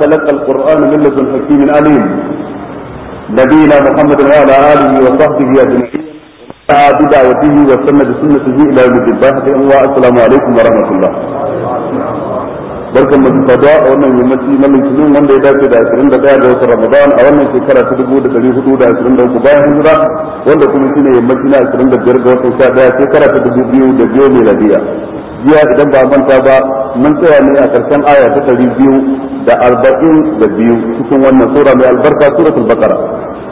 تلقى القرآن من لدن حكيم عليم نبينا محمد وعلى آله وصحبه أجمعين دعا بدعوته وسن بسنته إلى يوم الدين السلام عليكم ورحمة الله barkan mu saduwa a wannan yammaci na litinin wanda ya dace da 21 ga ramadan a wannan shekara ta 1423 bayan hijira wanda kuma shine yammaci na 25 ga 11 shekara ta miladiya jiya idan ba manta ba mun tsaya ne a karshen aya ta 242 cikin wannan sura mai albarka suratul baqara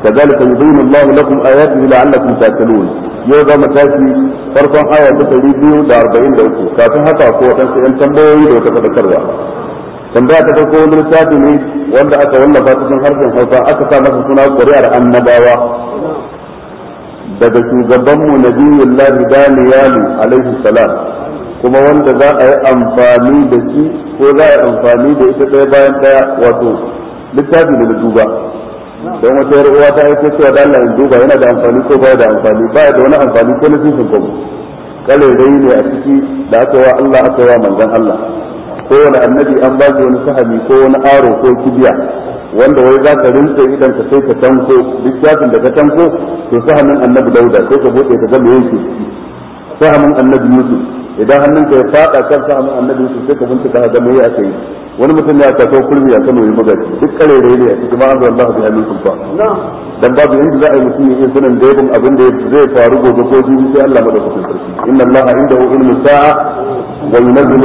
كذلك يبين الله لكم آياته لعلكم تأكلون يوضا متاسي فرقا آية تتريديو دا أربعين دوكو كافن حتى قوة سيئن تنبوي دوكا تتكروا tambaya ta farko wani lissafi ne wanda aka wallafa cikin harshen hausa aka sa masa suna ƙuri'ar annabawa daga shugabanmu daniyalu alaihi salam kuma wanda za a yi amfani da shi ko za a yi amfani da ita ɗaya bayan ɗaya wato littafi ne duba don wata yar uwa ta aiko cewa da Allah in duba yana da amfani ko ba da amfani ba da wani amfani ko na cikin kuma kale dai ne a ciki da aka wa Allah aka wa manzon Allah kowane annabi an ba shi wani sahabi ko wani aro ko kibiya wanda wai za ka rinse idan ka sai ka tanko duk shafin da ka tanko to sahamin annabi dauda sai ka bude ka ga me yake sahamin annabi yusuf idan hannunka ya faɗa kan sa amma annabi su sai ka bincika ga me yake yi wani mutum ya kaso kurmi ya kano yi magaji duk karere ne a cikin ma'azin Allah bi hannun sulfa dan babu inda za a yi mutum ya iya sanin daibin abin da zai faru gobe ko jibi sai Allah madaukakin sarki inna Allah indahu ilmu sa'a wa yunzilu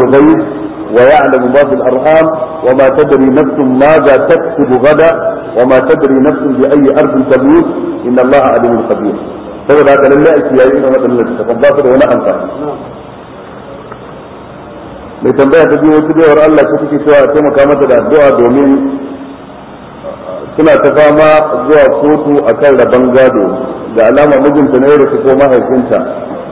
arham wa ma tadri nafsun ma za taktubu ماذا wa ma tadri nafsun bi بأي ardin تموت inna Allah alimul خبير saboda haka lallai a kiyaye irin waɗannan da ba su da wani amfani mai tambaya ta biyu wasu biyar Allah ta suke cewa taimaka mata da addu'a domin suna ta fama zuwa kotu kan rabon gado da alama mijinta na da ko mahaifinta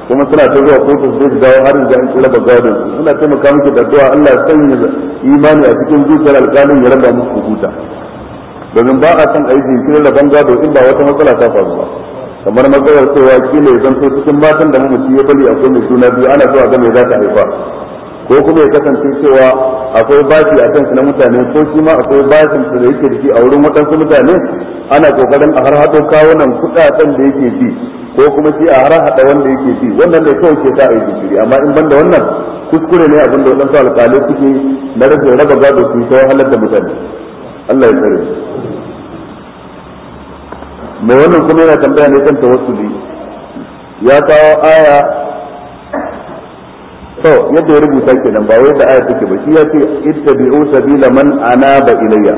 kuma suna ta zuwa kotu su zai dawo har da an da gado suna taimaka mata da addu'a Allah sanya imani a cikin zuciyar alƙalin ya raba musu hukuta domin ba a san aiki cikin rabon gado in ba wata matsala ta faru ba kamar matsalar cewa shi ne zan so cikin matan da mamaci ya bari akwai mai juna biyu ana zuwa ga mai za ta haifa ko kuma ya kasance cewa akwai bashi a kansu na mutane ko shi ma akwai bashin da yake da shi a wurin waɗansu mutane ana kokarin a harhaɗo kawunan kuɗaɗen da yake bi ko kuma shi a harhaɗa wanda yake bi wannan da kawai ke sa a yi shiri amma in banda wannan kuskure ne abin da waɗansu alƙalai suke na rashin raba gado su ta wahalar da mutane Allah ya tsare mai wannan kuma yana tambaya ne kan tawassuli ya kawo aya to yadda ya rubuta kenan ba wai da aya take ba shi yace ittabi'u sabila man anaba ilayya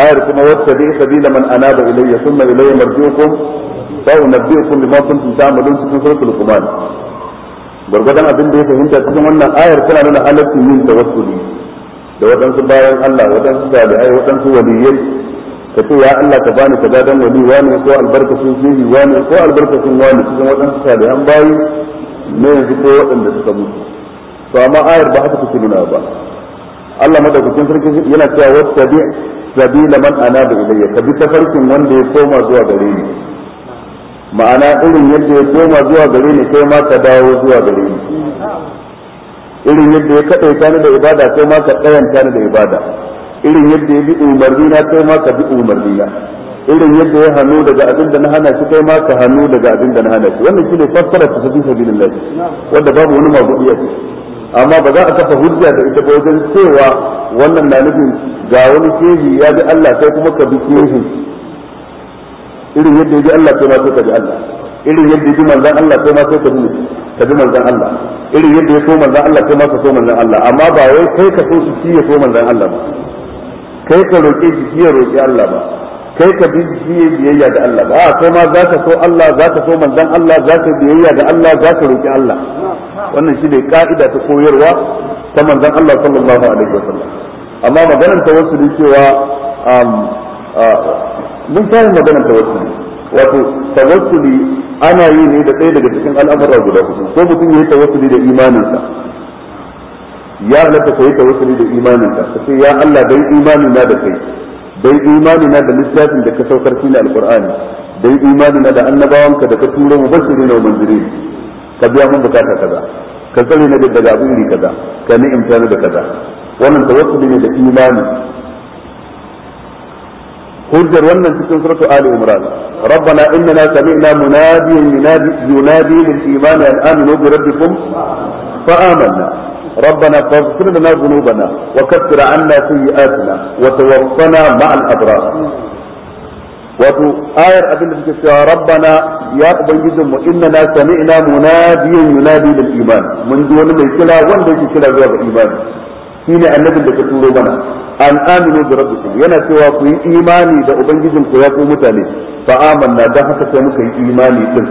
ayar kuma wattabi'u sabila man anaba ilayya thumma ilayya marji'ukum fa unabbi'ukum bima kuntum ta'malun cikin suratul luqman gurgurdan abin da ya fahimta cikin wannan ayar tana nuna halaccin yin tawassuli da waɗansu bayan Allah waɗansu salihai waɗansu waliyai ka ce ya Allah ka bani ka dan wali wani ko albarkacin jihi wani ko albarkacin wani cikin waɗansu salihan bayi na yanzu ko waɗanda suka mutu to amma ayar ba haka take nuna ba Allah madaukakin sarki yana cewa wattabi sabila man anaba ilayya ka bi farkin wanda ya koma zuwa gare ni ma'ana irin yadda ya koma zuwa gare ni kai ma ka dawo zuwa gare ni irin yadda ya kaɗai ni da ibada kai ma ka tsayanta ni da ibada irin yadda ya bi umarni na kai ma ka bi umarni na irin yadda ya hannu daga abin da na hana shi kai ma ka hannu daga abin da na hana shi wannan shine fassara ta fi sabilillah wanda babu wani magudi a ciki amma ba za a kafa hujja da ita ba wajen cewa wannan na nufin ga wani shehi ya bi Allah sai kuma ka bi shehi irin yadda ya bi Allah sai ma sai ka bi Allah irin yadda ya bi manzon Allah sai ma sai ka bi ka bi manzon Allah irin yadda ya so manzon Allah sai ma ka so manzon Allah amma ba wai kai ka so shi ya so manzon Allah ba kai ka roƙe shi shi ya roƙi Allah ba kai ka bi biyayya da Allah ba ko ma za ka so Allah za ka so manzon Allah za ka biyayya da Allah za ka roki Allah wannan shi ne ka'ida ta koyarwa ta manzon Allah sallallahu alaihi wasallam amma maganar tawassuli cewa um, uh, mun fara maganar tawassuli wato tawassuli ana yi ne da ɗaya daga cikin al'amura guda hudu ko mutum ya yi tawassuli da imaninsa ya halatta ka yi tawassuli da imaninka ka ce ya Allah dai imani na da kai dai imanina da littafin da ka saukar shi ne alqur'ani dai imani na da annabawanka da ka turo mu bashirin wa munzirin ka biya mun bukata kaza ka tsare na daga abin iri kaza ka ni'imta da kaza wannan tawassuli ne da imani hujjar wannan cikin suratu ali imran rabbana innana sami'na munadiyan yunadi lil imani an aminu bi rabbikum fa amanna ربنا فاغفر لنا ذنوبنا وكفر عنا سيئاتنا وتوفنا مع الأبرار wato ayar abin da suke cewa rabbana ya ubangijin mu inna na sami'na munadiyan yunadi lil iman mun ji wani mai kira wanda yake kira zuwa ga imani shine annabin da ka turo mana an aminu bi rabbikum yana cewa ku yi imani da ubangijin ku ya ku mutane fa amanna da haka sai muka yi imani din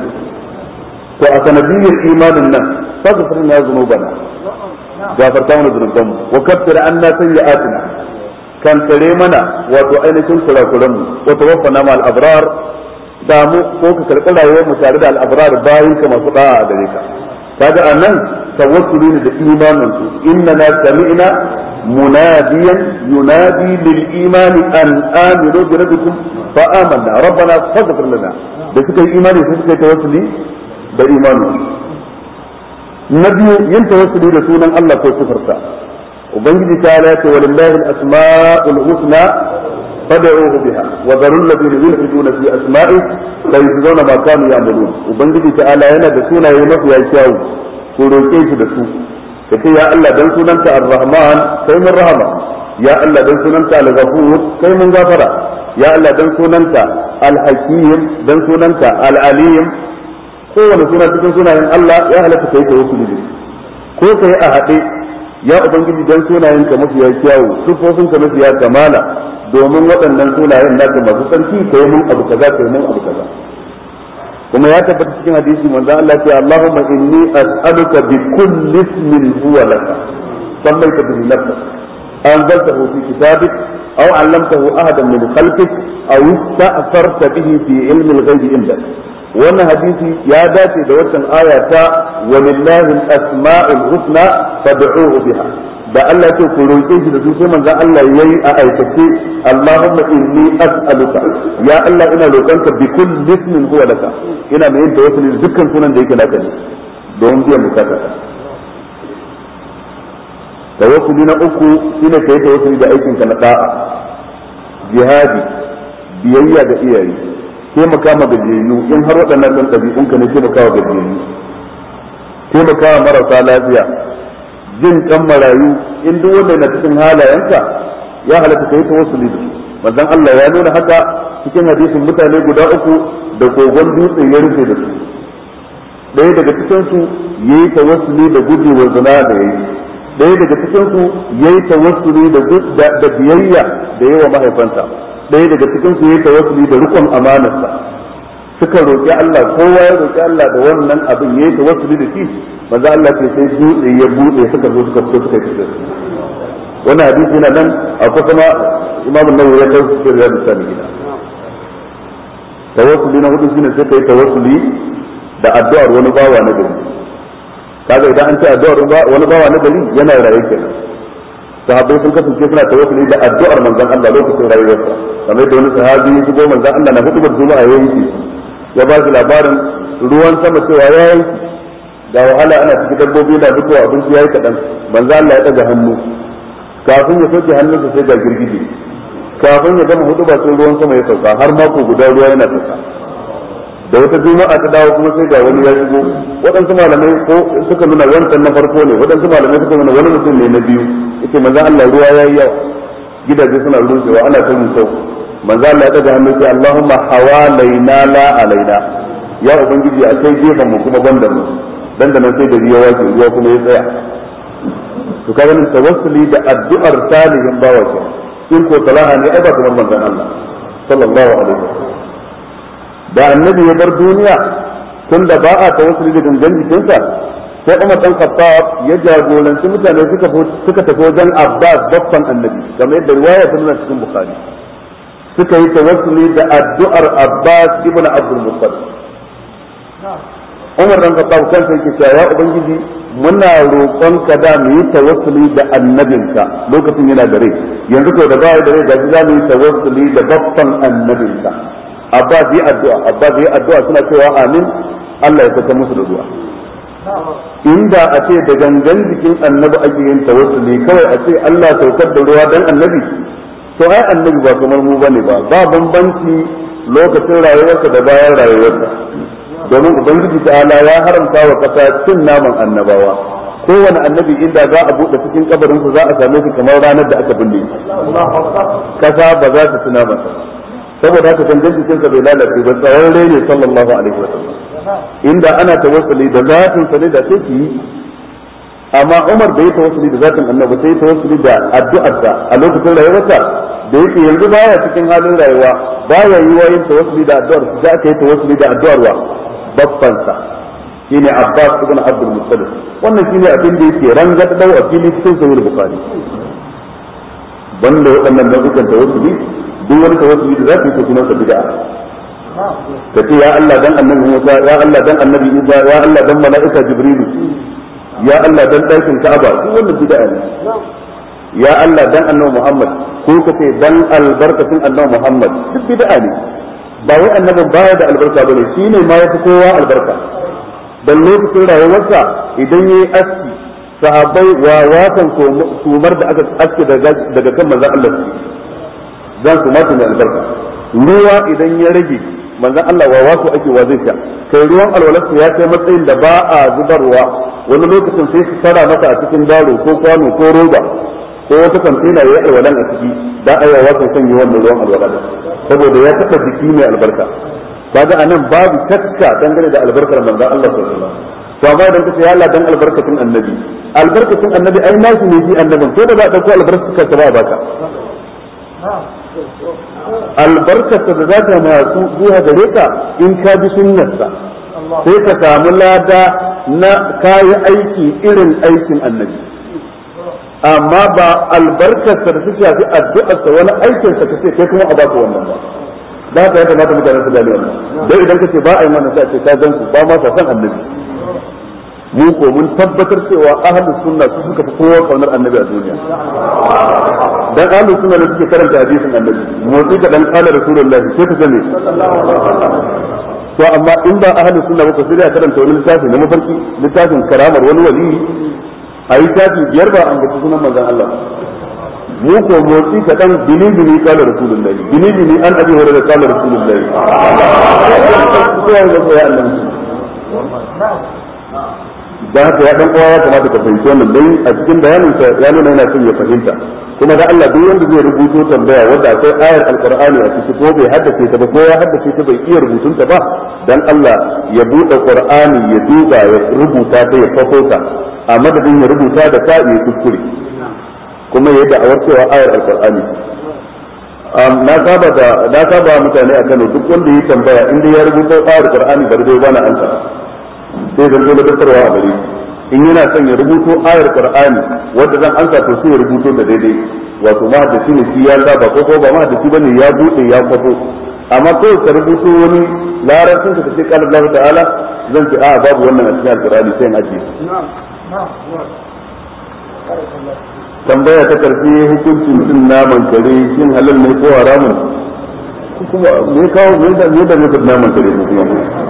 to a sanadiyar imanin nan fa zafirna zunubana gafarta mana zunuban mu wa kaffir anna sayyi'atina kan tare mana wato ainihin kurakuran mu wa tawaffana ma al-abrar da mu ko ka karɓi rayuwar mu tare da al-abrar bayin ka masu da'a gare ka kaga anan tawakkuli ne da imanin su inna na sami'na munadiyan yunadi lil imani an aminu bi rabbikum fa amanna rabbana faghfir lana da suka yi imani sai suka yi tawakkuli da imanin na biyu yin tawassuli da sunan Allah ko sifarsa ubangiji ta ala ce walillahi al-asma'ul husna fad'uhu biha wa dharul ladina yulhiduna fi asma'i la yujzauna ma kanu ya'malun ubangiji ta ala yana da sunaye mafiya kyawu ko roke shi da su kace ya Allah dan sunanta ar-rahman kai mun rahama ya Allah dan sunanta al-ghafur kai mun gafara ya Allah dan sunanta al-hakim dan sunanta al-alim kowane suna cikin sunayen Allah ya halatta kai tawassuli ko kai a haɗe ya ubangiji dan sunayen ka mafiya kyawu sufofin ka mafiya kamala domin waɗannan sunayen naka masu sarki yi mun abu kaza kai mun abu kaza kuma ya tabbata cikin hadisi manzo Allah ce Allahumma inni as'aluka bi kulli ismin huwa laka sallaita bihi nafsak anzaltahu fi kitabik أو علمته أحدا من خلقك أو استأثرت به في علم الغيب عندك wannan hadisi ya dace da waccan aya ta walillahi al-asma'ul husna fad'uhu biha da Allah ce ku roƙe shi da su sai manzon Allah yayi a aikace Allahumma inni as'aluka ya Allah ina roƙonka bi kulli ismin huwa laka ina mai yadda wasu dukkan sunan da yake naka ne don biyan bukata tawakkuli na uku shine kai tawakkuli da aikin ka na da'a jihadi biyayya ga iyaye taimaka ma gajiyayyu in har waɗannan ɗan ɗabi'un ka ne taimaka wa gajiyayyu taimaka wa marasa lafiya jin kan marayu in duk wanda na cikin halayenka ya halatta kai ta da su manzon Allah ya nuna haka cikin hadisin mutane guda uku da gogon dutse ya rufe da su ɗaya daga cikin su yayi tawassuli da gujewar zina da yayi ɗaya daga cikin su yayi tawassuli da da biyayya da yawa mahaifanta. ɗaya daga cikin su yayi tawassuli da rukun amanarsa suka roƙi Allah kowa ya roƙi Allah da wannan abin yayi tawassuli da shi manzo Allah ke sai dutse ya buɗe suka zo suka fito suka fito wannan hadisi yana nan kusa kuma Imam Nawawi ya kawo shi da misali gida tawassuli na hudu shine sai kai tawassuli da addu'ar wani bawa na gari kaga idan an ce addu'ar wani bawa na gari yana raye kenan sahabbai sun kasance suna tawakkali da addu'ar manzon Allah lokacin rayuwarsa kamar da wani sahabi ya shigo manzon Allah na hudubar juma'a ya yanki ya ba shi labarin ruwan sama cewa ya yanke ga wahala ana cikin dabbobi na fitowa abinci yayi kadan manzon Allah ya daga hannu kafin ya soke hannunsa sai ga girgije kafin ya gama hudubar sai ruwan sama ya sauka har mako guda ruwa yana sauka da wata juma'a ta dawo kuma sai ga wani ya shigo waɗansu malamai ko suka nuna wancan na farko ne waɗansu malamai suka nuna wani mutum ne na biyu yake manzo Allah ruwa yayi yawa gidaje suna rushewa ana ta sau manzo Allah ya daga hannu sai Allahumma hawalaina la alaina ya ubangiji a kai gefen mu kuma banda mu dan da nan sai da riya wace ruwa kuma ya tsaya to kaga nan tawassuli da addu'ar salihin bawa ke in ko salaha ne ai ba kamar manzon Allah sallallahu alaihi wasallam da annabi ya bar duniya tun da ba a tawassuli da gangan jikinsa sai Umar dan Khattab ya jagoranci mutane suka suka tafi wajen Abbas babban annabi kamar yadda riwaya ta nuna cikin Bukhari suka yi tawassuli da addu'ar Abbas ibn Abdul Muttalib Umar dan Khattab kansa yake cewa ya ubangiji muna ka da mu yi tawassuli da annabinka lokacin yana da rai yanzu ko da ba da rai da za mu yi tawassuli da babban annabinka abbas yi addu'a abbas yi addu'a suna cewa amin Allah ya saka musu da ruwa inda a ce da gangan jikin annabi ake yin tawassuli kawai a ce Allah saukar da ruwa dan annabi to ai annabi ba kamar mu bane ba ba bambanci lokacin rayuwarsa da bayan rayuwarsa domin ubangiji ala ya haramta wa kasa cin naman annabawa kowane annabi inda za a buɗe cikin kabarinsa za a same shi kamar ranar da aka binne kasa ba za ta ci naman saboda haka gangan kinsa bai lalace ba tsawon ne sallallahu alaihi wa sallam inda ana tawassuli da zatin sa ne da take yi amma Umar bai tawassuli da zatin Annabi sai tawassuli da addu'arsa a lokacin rayuwarsa da yake yanzu baya cikin halin rayuwa baya yi yin tawassuli da addu'ar da aka yi tawassuli da addu'ar wa babban sa shine Abbas ibn Abdul Muttalib wannan shine abin da yake rangadau a fili cikin sahih Bukhari banda waɗannan nau'ukan tawassuli duk wani tawassuli da za ka yi ko sunan sa bid'a ka ce ya Allah dan annabi Musa ya Allah dan annabi Isa ya Allah dan mala'ika Jibril ya Allah dan ɗakin Ka'aba duk wannan bid'a ne ya Allah dan annabi Muhammad ko ka ce dan albarkatin annabi Muhammad duk bid'a ne ba wai ba baya da albarka bane shine ma yafi kowa albarka dan lokacin rayuwarsa idan yayi aski sahabbai wa watan sumar da aka aske daga kan manzon Allah zan su mata mai albarka ruwa idan ya rage manzon Allah wa wasu ake wa zai sha kai ruwan alwalarsa ya kai matsayin da ba a zubarwa wani lokacin sai su tara masa a cikin daro ko kwano ko roba ko wata kwantena ya yi alwalan a ciki da a yi wasan sanya wannan ruwan alwala saboda ya taɓa jiki mai albarka kaga anan babu takka dangane da albarkar manzon Allah sallallahu alaihi wasallam to amma idan kace ya dan albarkatin annabi albarkatin annabi ai nashi ne shi annabin ko da ba dauko albarkar ka ba baka albarkata da za ta masu zuwa gare ka in ka bi sunnarsa sai ka samu lada na kayi aiki irin aikin annabi amma ba albarkarsa da suke fi addu'arsa wani sa ka ce kai kuma a ba ku wannan ba da haka ya kamata mutane su gane wannan dai idan ka ce ba a yi wannan sai a ce ka zan ku ba ma sa san annabi mu ko mun tabbatar cewa ahlus sunna su suka fi kowa kaunar annabi a duniya dan ahlus sunna ne suke karanta hadisin annabi motsi da dan kala rasulullahi sai ka gane to amma in ba ahlus sunna ba ko sai ya karanta wani littafi na mafarki littafin karamar wani wali a yi tafi biyar ba an gaba sunan manzon Allah mu ko motsi ka dan bini bini kala rasulullahi bini bini an abi hore da kala rasulullahi sai ya ga ya da haka ya dan uwa ya kamata ka fahimci wannan dan a cikin bayanin sa ya nuna yana son ya fahimta kuma da Allah duk wanda zai rubuto tambaya wanda akwai ayar alqur'ani a cikin ko bai haddace ta ba ko ya haddace ta bai iya rubutun ta ba dan Allah ya bude qur'ani ya duba ya rubuta ta ya fafo ta a madadin ya rubuta da ta ya kuskure kuma ya da'awar cewa ayar alqur'ani na saba da na saba mutane a Kano duk wanda ya tambaya inda ya rubuta ayar alqur'ani bar dai bana ansa sai zanto na tattarwa a gare in yana son ya rubuto ayar qur'ani wanda zan ansa to sai ya rubuto da daidai wato da ne shi ya zaba ko ko ba shi bane ya bude ya kwafo amma ko ka rubuto wani larabcin ka sai qala Allah ta'ala zan ce a babu wannan a cikin alqur'ani sai in ajiye tambaya ta karfi hukuncin cin naman kare shin halal ne ko haramun kuma me kawo me da me da naman kare kuma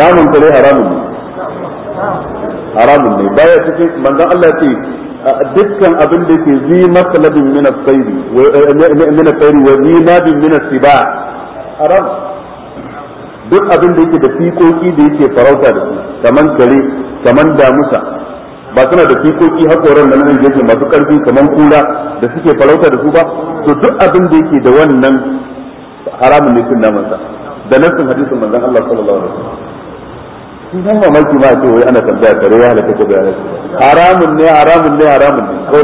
namun kare haramun ne haramun ne baya cikin manzon Allah ce dukkan abin da ke zi masalabin min as wa eh, min as-sayri wa zi nabin min as-siba haram duk abin da yake da fikoki da yake farauta da su kaman gare kaman damusa ba suna da fikoki hakoran da nan yake masu karfi kaman kura da suke farauta da su ba to duk abin da yake da wannan haramun ne sun namansa da nassin hadisin manzon Allah sallallahu alaihi wasallam sun san mamaki ma ce wai ana tambaya kare ya halaka ko bai halaka haramun ne haramun ne haramun ne ko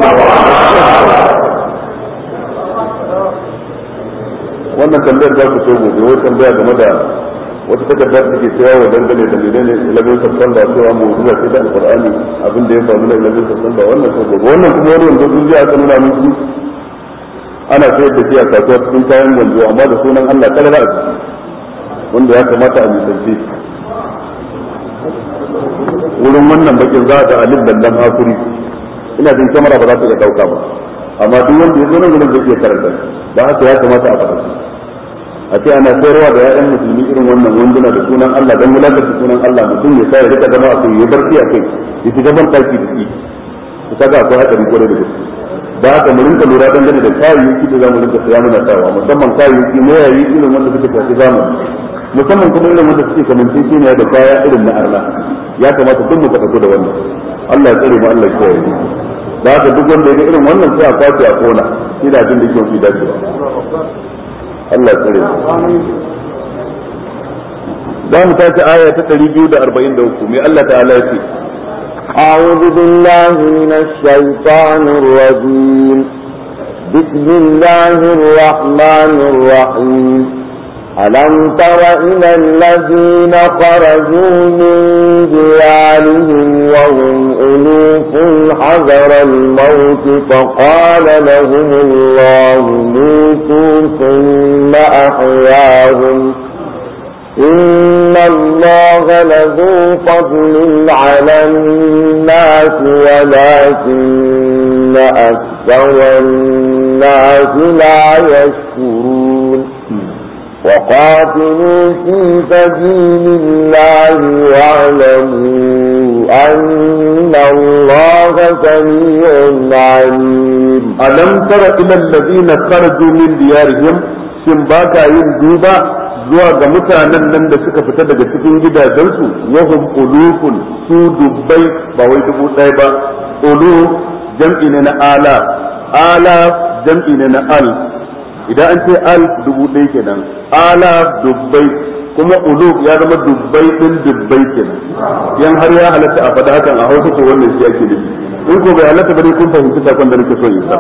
wannan tambayar za ku so gobe wai tambaya game da wata takardar da ke cewa wa dangane da lele ne ilabin sassan da cewa mu zuwa ce da alƙur'ani abin da ya faru da ilabin sassan da wannan ko gobe wannan kuma wani wanda sun ji aka nuna min ana sayar da shi a kasuwa cikin kayan gwanzo amma da sunan Allah kalala a ciki wanda ya kamata a nisance wurin wannan bakin za a alif dandan hakuri ina jin kamera ba za ta dauka ba amma duk wanda ya zo nan gurin zai iya karanta ba haka ya kamata a faɗa a ce ana sayarwa da ya'yan musulmi irin wannan wanduna da sunan Allah dan wulatar da sunan Allah mutum ya sai rika zama a kai ya barci a kai ya shiga ban taki da shi ku kaga akwai hadari gore da gaske da haka mu rinka lura dangane da kayayyaki da zamu rinka saya muna sawa musamman kayayyaki na irin wanda suka tafi zamani musamman kuma irin wanda suke kamance shi ne da kaya irin na Allah ya kamata duk mu faɗa da wannan Allah ya tsare mu Allah ya yi da haka duk wanda ya ga irin wannan sai a kwace a kona shi da abin da yake fi dacewa Allah ya tsare mu dan ta ce aya ta 243 me Allah ta'ala ya ce أعوذ بالله من الشيطان الرجيم بسم الله الرحمن الرحيم ألم تر إلى الذين خرجوا من ديارهم وهم ألوف حذر الموت فقال لهم الله موتوا ثم أحياهم إن الله لذو فضل على الناس ولكن أكثر الناس لا يشكرون وقاتلوا في سبيل الله واعلموا أن الله سميع عليم ألم تر إلى الذين خرجوا من ديارهم سنباكا يندوبا zuwa ga mutanen nan da suka fita daga cikin gidajensu wahum ulufun su dubbai ba wai dubu ɗaya ba ulu jam'i ne na ala ala jam'i ne na al idan an ce al dubu ɗaya kenan ala dubbai kuma ulub ya zama dubbai ɗin dubbai kenan yan har ya halatta a faɗa hakan a hausa to wannan shi ake nufi in ko bai halatta bane kun fahimci sakon da nake so in sa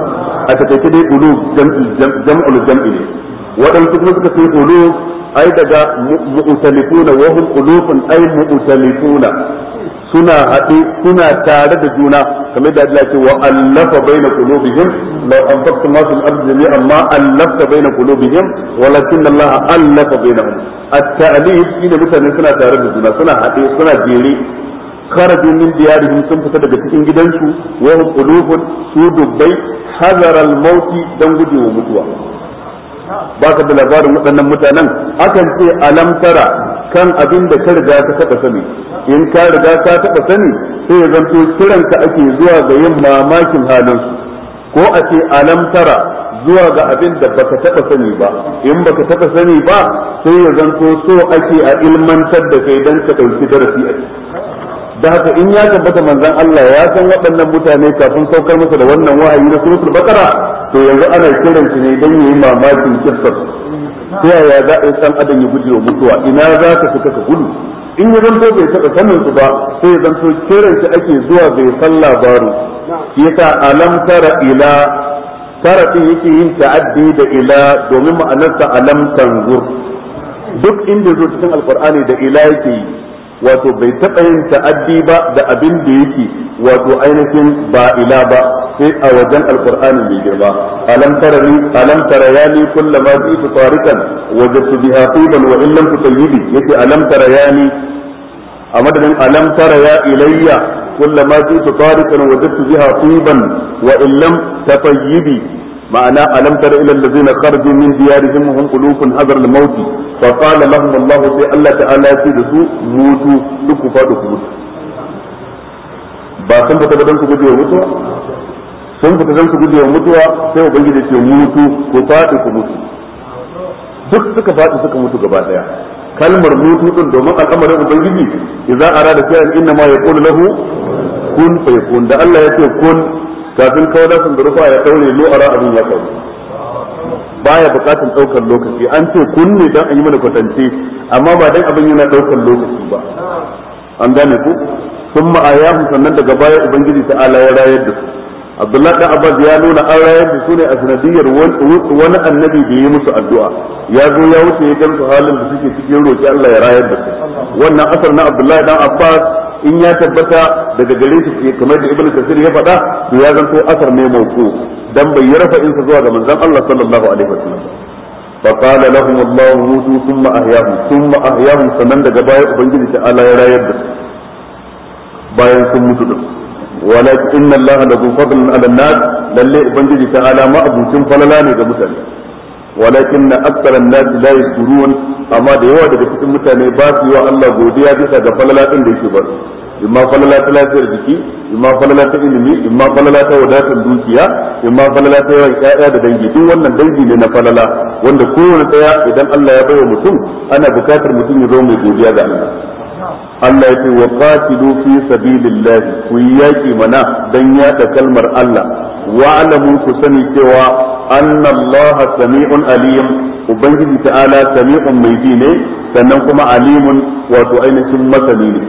a takaice dai ulub jam'ul jam'i ne waɗansu kuma suka ce ulub ai daga mu'talifuna wa hum ulufun ai mu'talifuna suna haɗe suna tare da juna kamar da Allah ce wa allafa baina qulubihim law anfaqta ma fil ardi jami'an ma allafta baina qulubihim walakin Allah allafa bainahum at-ta'lif shine mutane suna tare da juna suna haɗe suna jere kharaju min diyarihim sun fita daga cikin gidansu wa hum ulufun su dubbai hazara al-mauti dan wa mutuwa baka da labarin waɗannan mutanen akan ce alam tara kan abin da ka riga ka taɓa sani in ka riga ka taɓa sani sai ya zanto kiran ka ake zuwa ga yin mamakin halin ko a ce alam tara zuwa ga abin da baka taɓa sani ba in baka taɓa sani ba sai ya zanto so ake a ilmantar da kai don ka ɗauki darasi a ciki da haka in ya tabbata manzon Allah ya san waɗannan mutane kafin saukar masa da wannan wahayi na suratul baqara to yanzu ana kiran shi ne dan yayi mamakin kissar ta yaya za a yi san adan ya guje wa mutuwa ina za ka fita ka gudu in ya zanto bai taɓa sanin su ba sai ya zanto kiran shi ake zuwa bai san labaru yasa alam tara ila tara din yake yin ta'addi da ila domin ma'anarsa alam tanzur duk inda zo cikin alqur'ani da ila yake yi wato bai taɓa yin ta'addi ba da abin da yake wato ainihin ba ila ba sai a wajen alƙur'ani mai girma alam tarani alam tarayani kullama ji'tu tariqan wajadtu biha tuban wa illan illam tusayyibi yace alam tarayani a madadin alam taraya ilayya kullama ji'tu tariqan wajadtu biha tuban wa illam tafayyibi معنى ألم تر إلى الذين خرجوا من ديارهم وهم ألوف حذر الموت فقال لهم الله في الله تعالى سيدسوا موتوا سكفاتكم موتوا ba sun fita ba don su guje wa mutuwa sun fita don su guje wa mutuwa sai ubangiji ce mutu ku faɗi ku mutu duk suka faɗi suka mutu gaba daya kalmar mutu din domin al'amarin ubangiji idan arada sai inna ma yaqulu lahu kun fayakun da Allah ya ce kun kafin kawalatin da rufa ya daure a abin ya kawo baya bukatan daukar lokaci an ce kunne dan an yi mana kwatance amma ba dan abin yana daukar lokaci ba an gane ku sun ma'ayahu sannan daga baya ubangiji ta'ala ya rayar da su abdullahi da abbas ya nuna an rayar da su ne a sanadiyar wani annabi da yi musu addu'a ya zo ya wuce ya gamsu halin da suke cikin roƙi Allah ya rayar da su wannan asar na abdullahi dan abbas in ya tabbata daga gare shi kamar da ibnu kasir ya faɗa to ya zanto asar ne mauku dan bai fa insa zuwa ga manzon Allah sallallahu alaihi wasallam فقال لهم الله موتوا ثم أحياهم ثم أحياهم فمن دقبائي أبنجل تعالى يرى يبدأ باين ثم تدرس walakin inna allaha la fadlin ala nas lalle ubangiji ta ala ma abucin falala ne ga mutane walakin na aktaran nas la yashkurun amma da yawa daga cikin mutane ba su yi wa Allah godiya bisa ga falala din da yake ba imma falala ta lafiyar jiki imma falala ta ilimi imma falala ta wadatar dukiya imma falala ta yawan ƴaƴa da dangi duk wannan dangi ne na falala wanda kowane ɗaya idan Allah ya baiwa mutum ana bukatar mutum ya zo mai godiya ga Allah Allah ya ce wa qatilu fi sabilillah ku yaki mana dan yada kalmar Allah wa alamu ku sani cewa annallaha sami'un alim ubangiji ta'ala sami'un mai ji ne sannan kuma alimun wato ainihin masani ne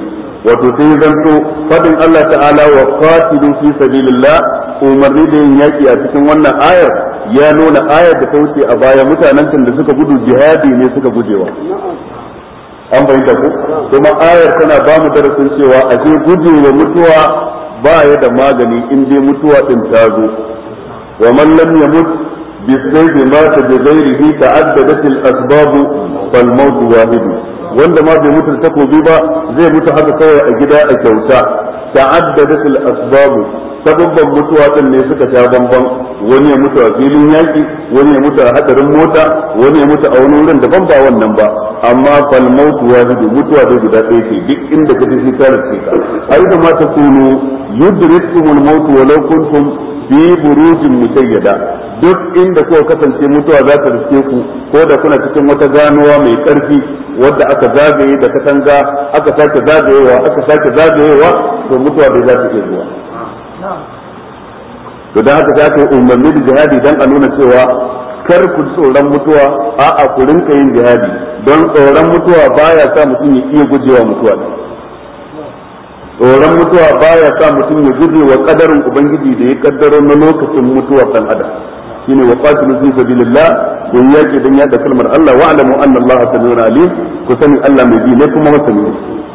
wato sai zanto fadin Allah ta'ala wa qatilu fi sabilillah umarni da yin yaki a cikin wannan ayar ya nuna ayar da ta wuce a baya mutanen can da suka gudu jihadi ne suka gujewa an fahimta ku kuma ayar tana ba mu darasin cewa a je wa mutuwa ba ya da magani in dai mutuwa din ta zo wa man lam yamut bi sayfi mata bi ghairihi ta'addadat al asbab fal mawt wahid wanda ma bai mutu da takobi ba zai mutu haka kawai a gida a kyauta ta'addadatul al-asbab sababban mutuwa din ne suka sha bamban wani ya mutu a filin yaki wani ya mutu a hadarin mota wani ya mutu a wani wurin ban ba wannan ba amma fal mautu wahidu mutuwa da guda ɗaya ce duk inda kaje shi ta rike ka ai da mata kunu yudrikumul mautu wa law kuntum fi burujin mutayyada duk inda kuka kasance mutuwa za ta riske ku ko da kuna cikin wata ganuwa mai karfi wadda aka zagaye da katanga aka sake zagayewa aka sake zagayewa to mutuwa dai za ta iya zuwa to da haka sai umarni da jihadi dan a nuna cewa kar ku tsoron mutuwa a'a ku rinka yin jihadi don tsoron mutuwa baya sa mutum ya iya gujewa mutuwa tsoron mutuwa baya sa mutum ya guje wa kadarin ubangiji da ya kaddaro na lokacin mutuwa dan adam shine wa qatilu fi sabilillah don yake dan yada kalmar Allah wa alamu anna Allah samiu alim ku sani Allah mai bi ne kuma masani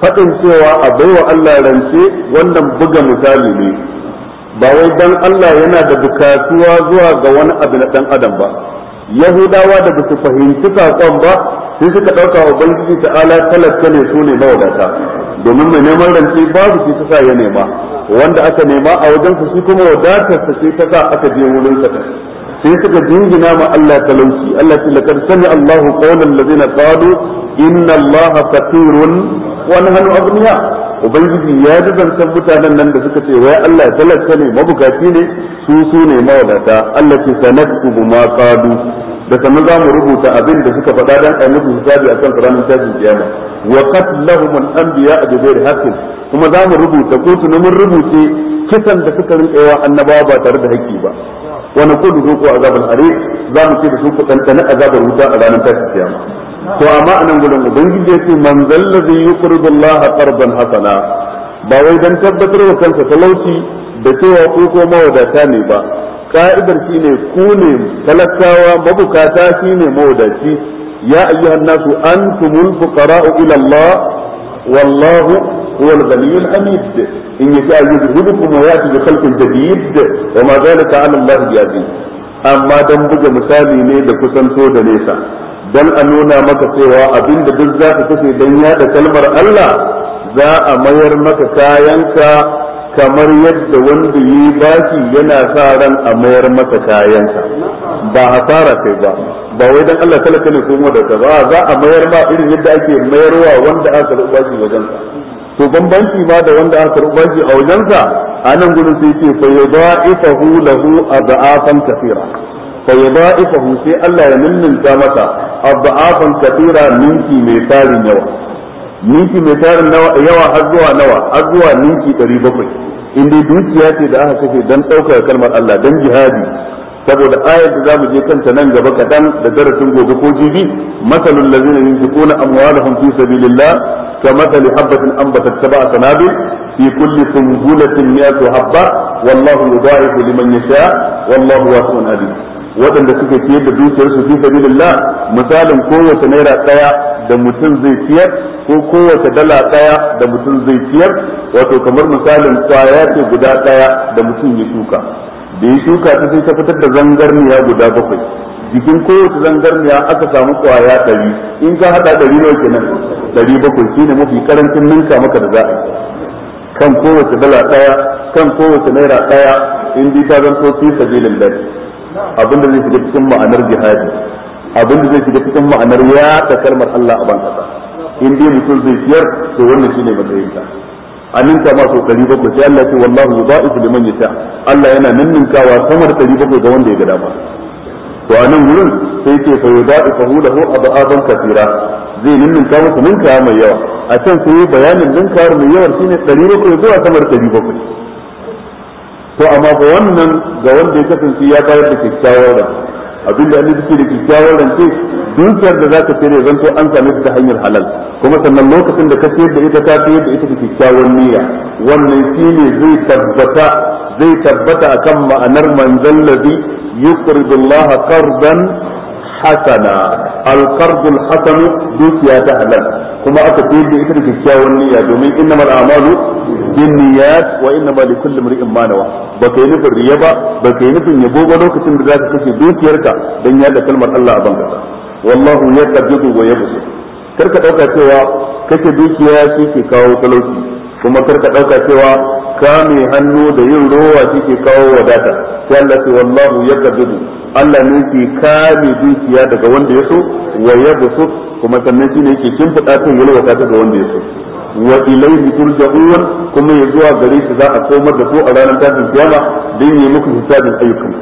faɗin cewa a baiwa Allah rance wannan buga misali ne ba wai dan Allah yana da bukatuwa zuwa ga wani abu na dan adam ba yahudawa da basu fahimci saƙon ba sai suka ɗauka wa ubangiji ta'ala talaka ne su ne mawadata domin mai neman rance babu shi sa ya nema wanda aka nema a wajen su shi kuma wadatar sa sai ta sa aka je wurin sa sai suka jingina ma Allah talauci Allah ce laqad sami Allahu qawlan allazina qalu inna Allaha fatirun wani hannu abniya ubangiji ya ji zancen mutanen nan da suka ce wai Allah talaka ne mabukaci ne su su ne mawadata Allah ce sanaktubu ma qalu da sanin za mu rubuta abin da suka faɗa dan ayi musu hisabi akan ranar tashin kiyama wa qatlahum al-anbiya bi ghairi haqqin kuma za mu rubuta ko tuni mun rubuce kisan da suka rinka yawa annabawa ba tare da haƙƙi ba wa naqulu zuqu azabal hariq za mu ce da su ku dandana azabar wuta a ranar tashin kiyama to amma anan gudan ubangiji ya ce man zallazi yuqridu Allah qardan hasana ba wai dan tabbatar wa kansa talauci da cewa ko ko mawadata ne ba ka'idar shine ku ne talakawa mabukata shine mawadaci ya ayyuhan nasu antumul fuqara'u ila Allah والله هو الغني الحميد إن يشاء يذهبكم ويأتي بخلق جديد وما ذلك على الله بعزيز amma don buga misali ne da kusanto da nesa don a nuna maka cewa abin da duk za ka don dan yada kalmar Allah za a mayar maka kayanka kamar yadda wanda yi baki yana sa ran a mayar maka kayanka ba hasara kai ba ba wai don Allah talaka ne kuma da ka ba za a mayar ma irin yadda ake mayarwa wanda aka rubuta wajen to bambanci ma da wanda aka karɓi bashi a wajensa a nan gurin sai ce fa ya yudha'ifahu lahu adha'afan kathira fa ya hu sai Allah ya ninninka masa adha'afan kathira ninki mai tarin yawa ninki mai tarin yawa har zuwa nawa har zuwa ninki 700 in dai dukiya ce da aka kafe dan ɗaukar kalmar Allah dan jihadi saboda ayar da zamu je kanta nan gaba kadan da darasin gobe ko jibi masalul ladzina yunfiquna amwalahum fi sabilillah kamathali habatin anbatat sab'a sanabil fi kulli sunbulatin mi'atu habba wallahu yudha'ifu liman yasha wallahu wasi'un alim waɗanda suka ciyar da dukiyarsu fi sabilillah misalin kowace naira ɗaya da mutum zai ciyar ko kowace dala ɗaya da mutum zai ciyar wato kamar misalin kwaya ce guda ɗaya da mutum ya shuka da ya shuka ta sai ta fitar da zangarniya guda bakwai jikin kowace zangarniya aka samu kwaya ɗari in ka haɗa ɗari nawa kenan ɗari bakwai shine mafi karancin ninka maka da za a yi kan kowace dala ɗaya kan kowace naira ɗaya in bi ta zanto fi sabilin lahi abin da zai shiga cikin ma'anar jihadi abin da zai shiga cikin ma'anar yaɗa kalmar Allah a ban kasa in dai mutum zai siyar to wannan shine matsayinka aminta ma ɗari bakwai sai Allah ce wallahu yudaifu liman yasha Allah yana ninninkawa sama da bakwai ga wanda ya ga dama to a nan wurin sai ce fa yudaifu a abadan kafira, zai ninninka musu ninka mai yawa a can sai bayanin ninka mai yawa shine bakwai zuwa sama da bakwai. to amma ga wannan ga wanda ya kasance ya bayar da kyakkyawar da abin da annabi da kyakkyawar rance dukiyar da zaka sayar zan to an same ta hanyar halal kuma sannan lokacin da ka sayar da ita ta sayar da ita da kyakkyawar niyya wannan shine zai tabbata zai tabbata akan ma'anar manzon ladhi yuqridu Allah qardan hasana alqardul hasan dukiya ta halal kuma aka sayar da ita da kyakkyawan niyya domin innamal a'malu binniyat wa innama likulli imrin ma nawa baka yi nufin riya ba baka nufin yabo ba lokacin da zaka kashe dukiyarka dan yada kalmar Allah a banka wallahu yaqdiru wa yabsu kar ka cewa kashe dukiya shi ke kawo talauci kuma karka ɗauka dauka cewa kame hannu da yin rowa shi ke kawo wadata sai Allah ce wallahu yaqdiru Allah ne ke kame dukiya daga wanda ya so wa yabsu kuma sannan shi ne yake fada ta yalwata ta ga wanda ya so wa ilaihi turja'un kuma ya zuwa gare shi za a komar da ku a ranar tashin kiyama dan yi muku hisabin ayyukan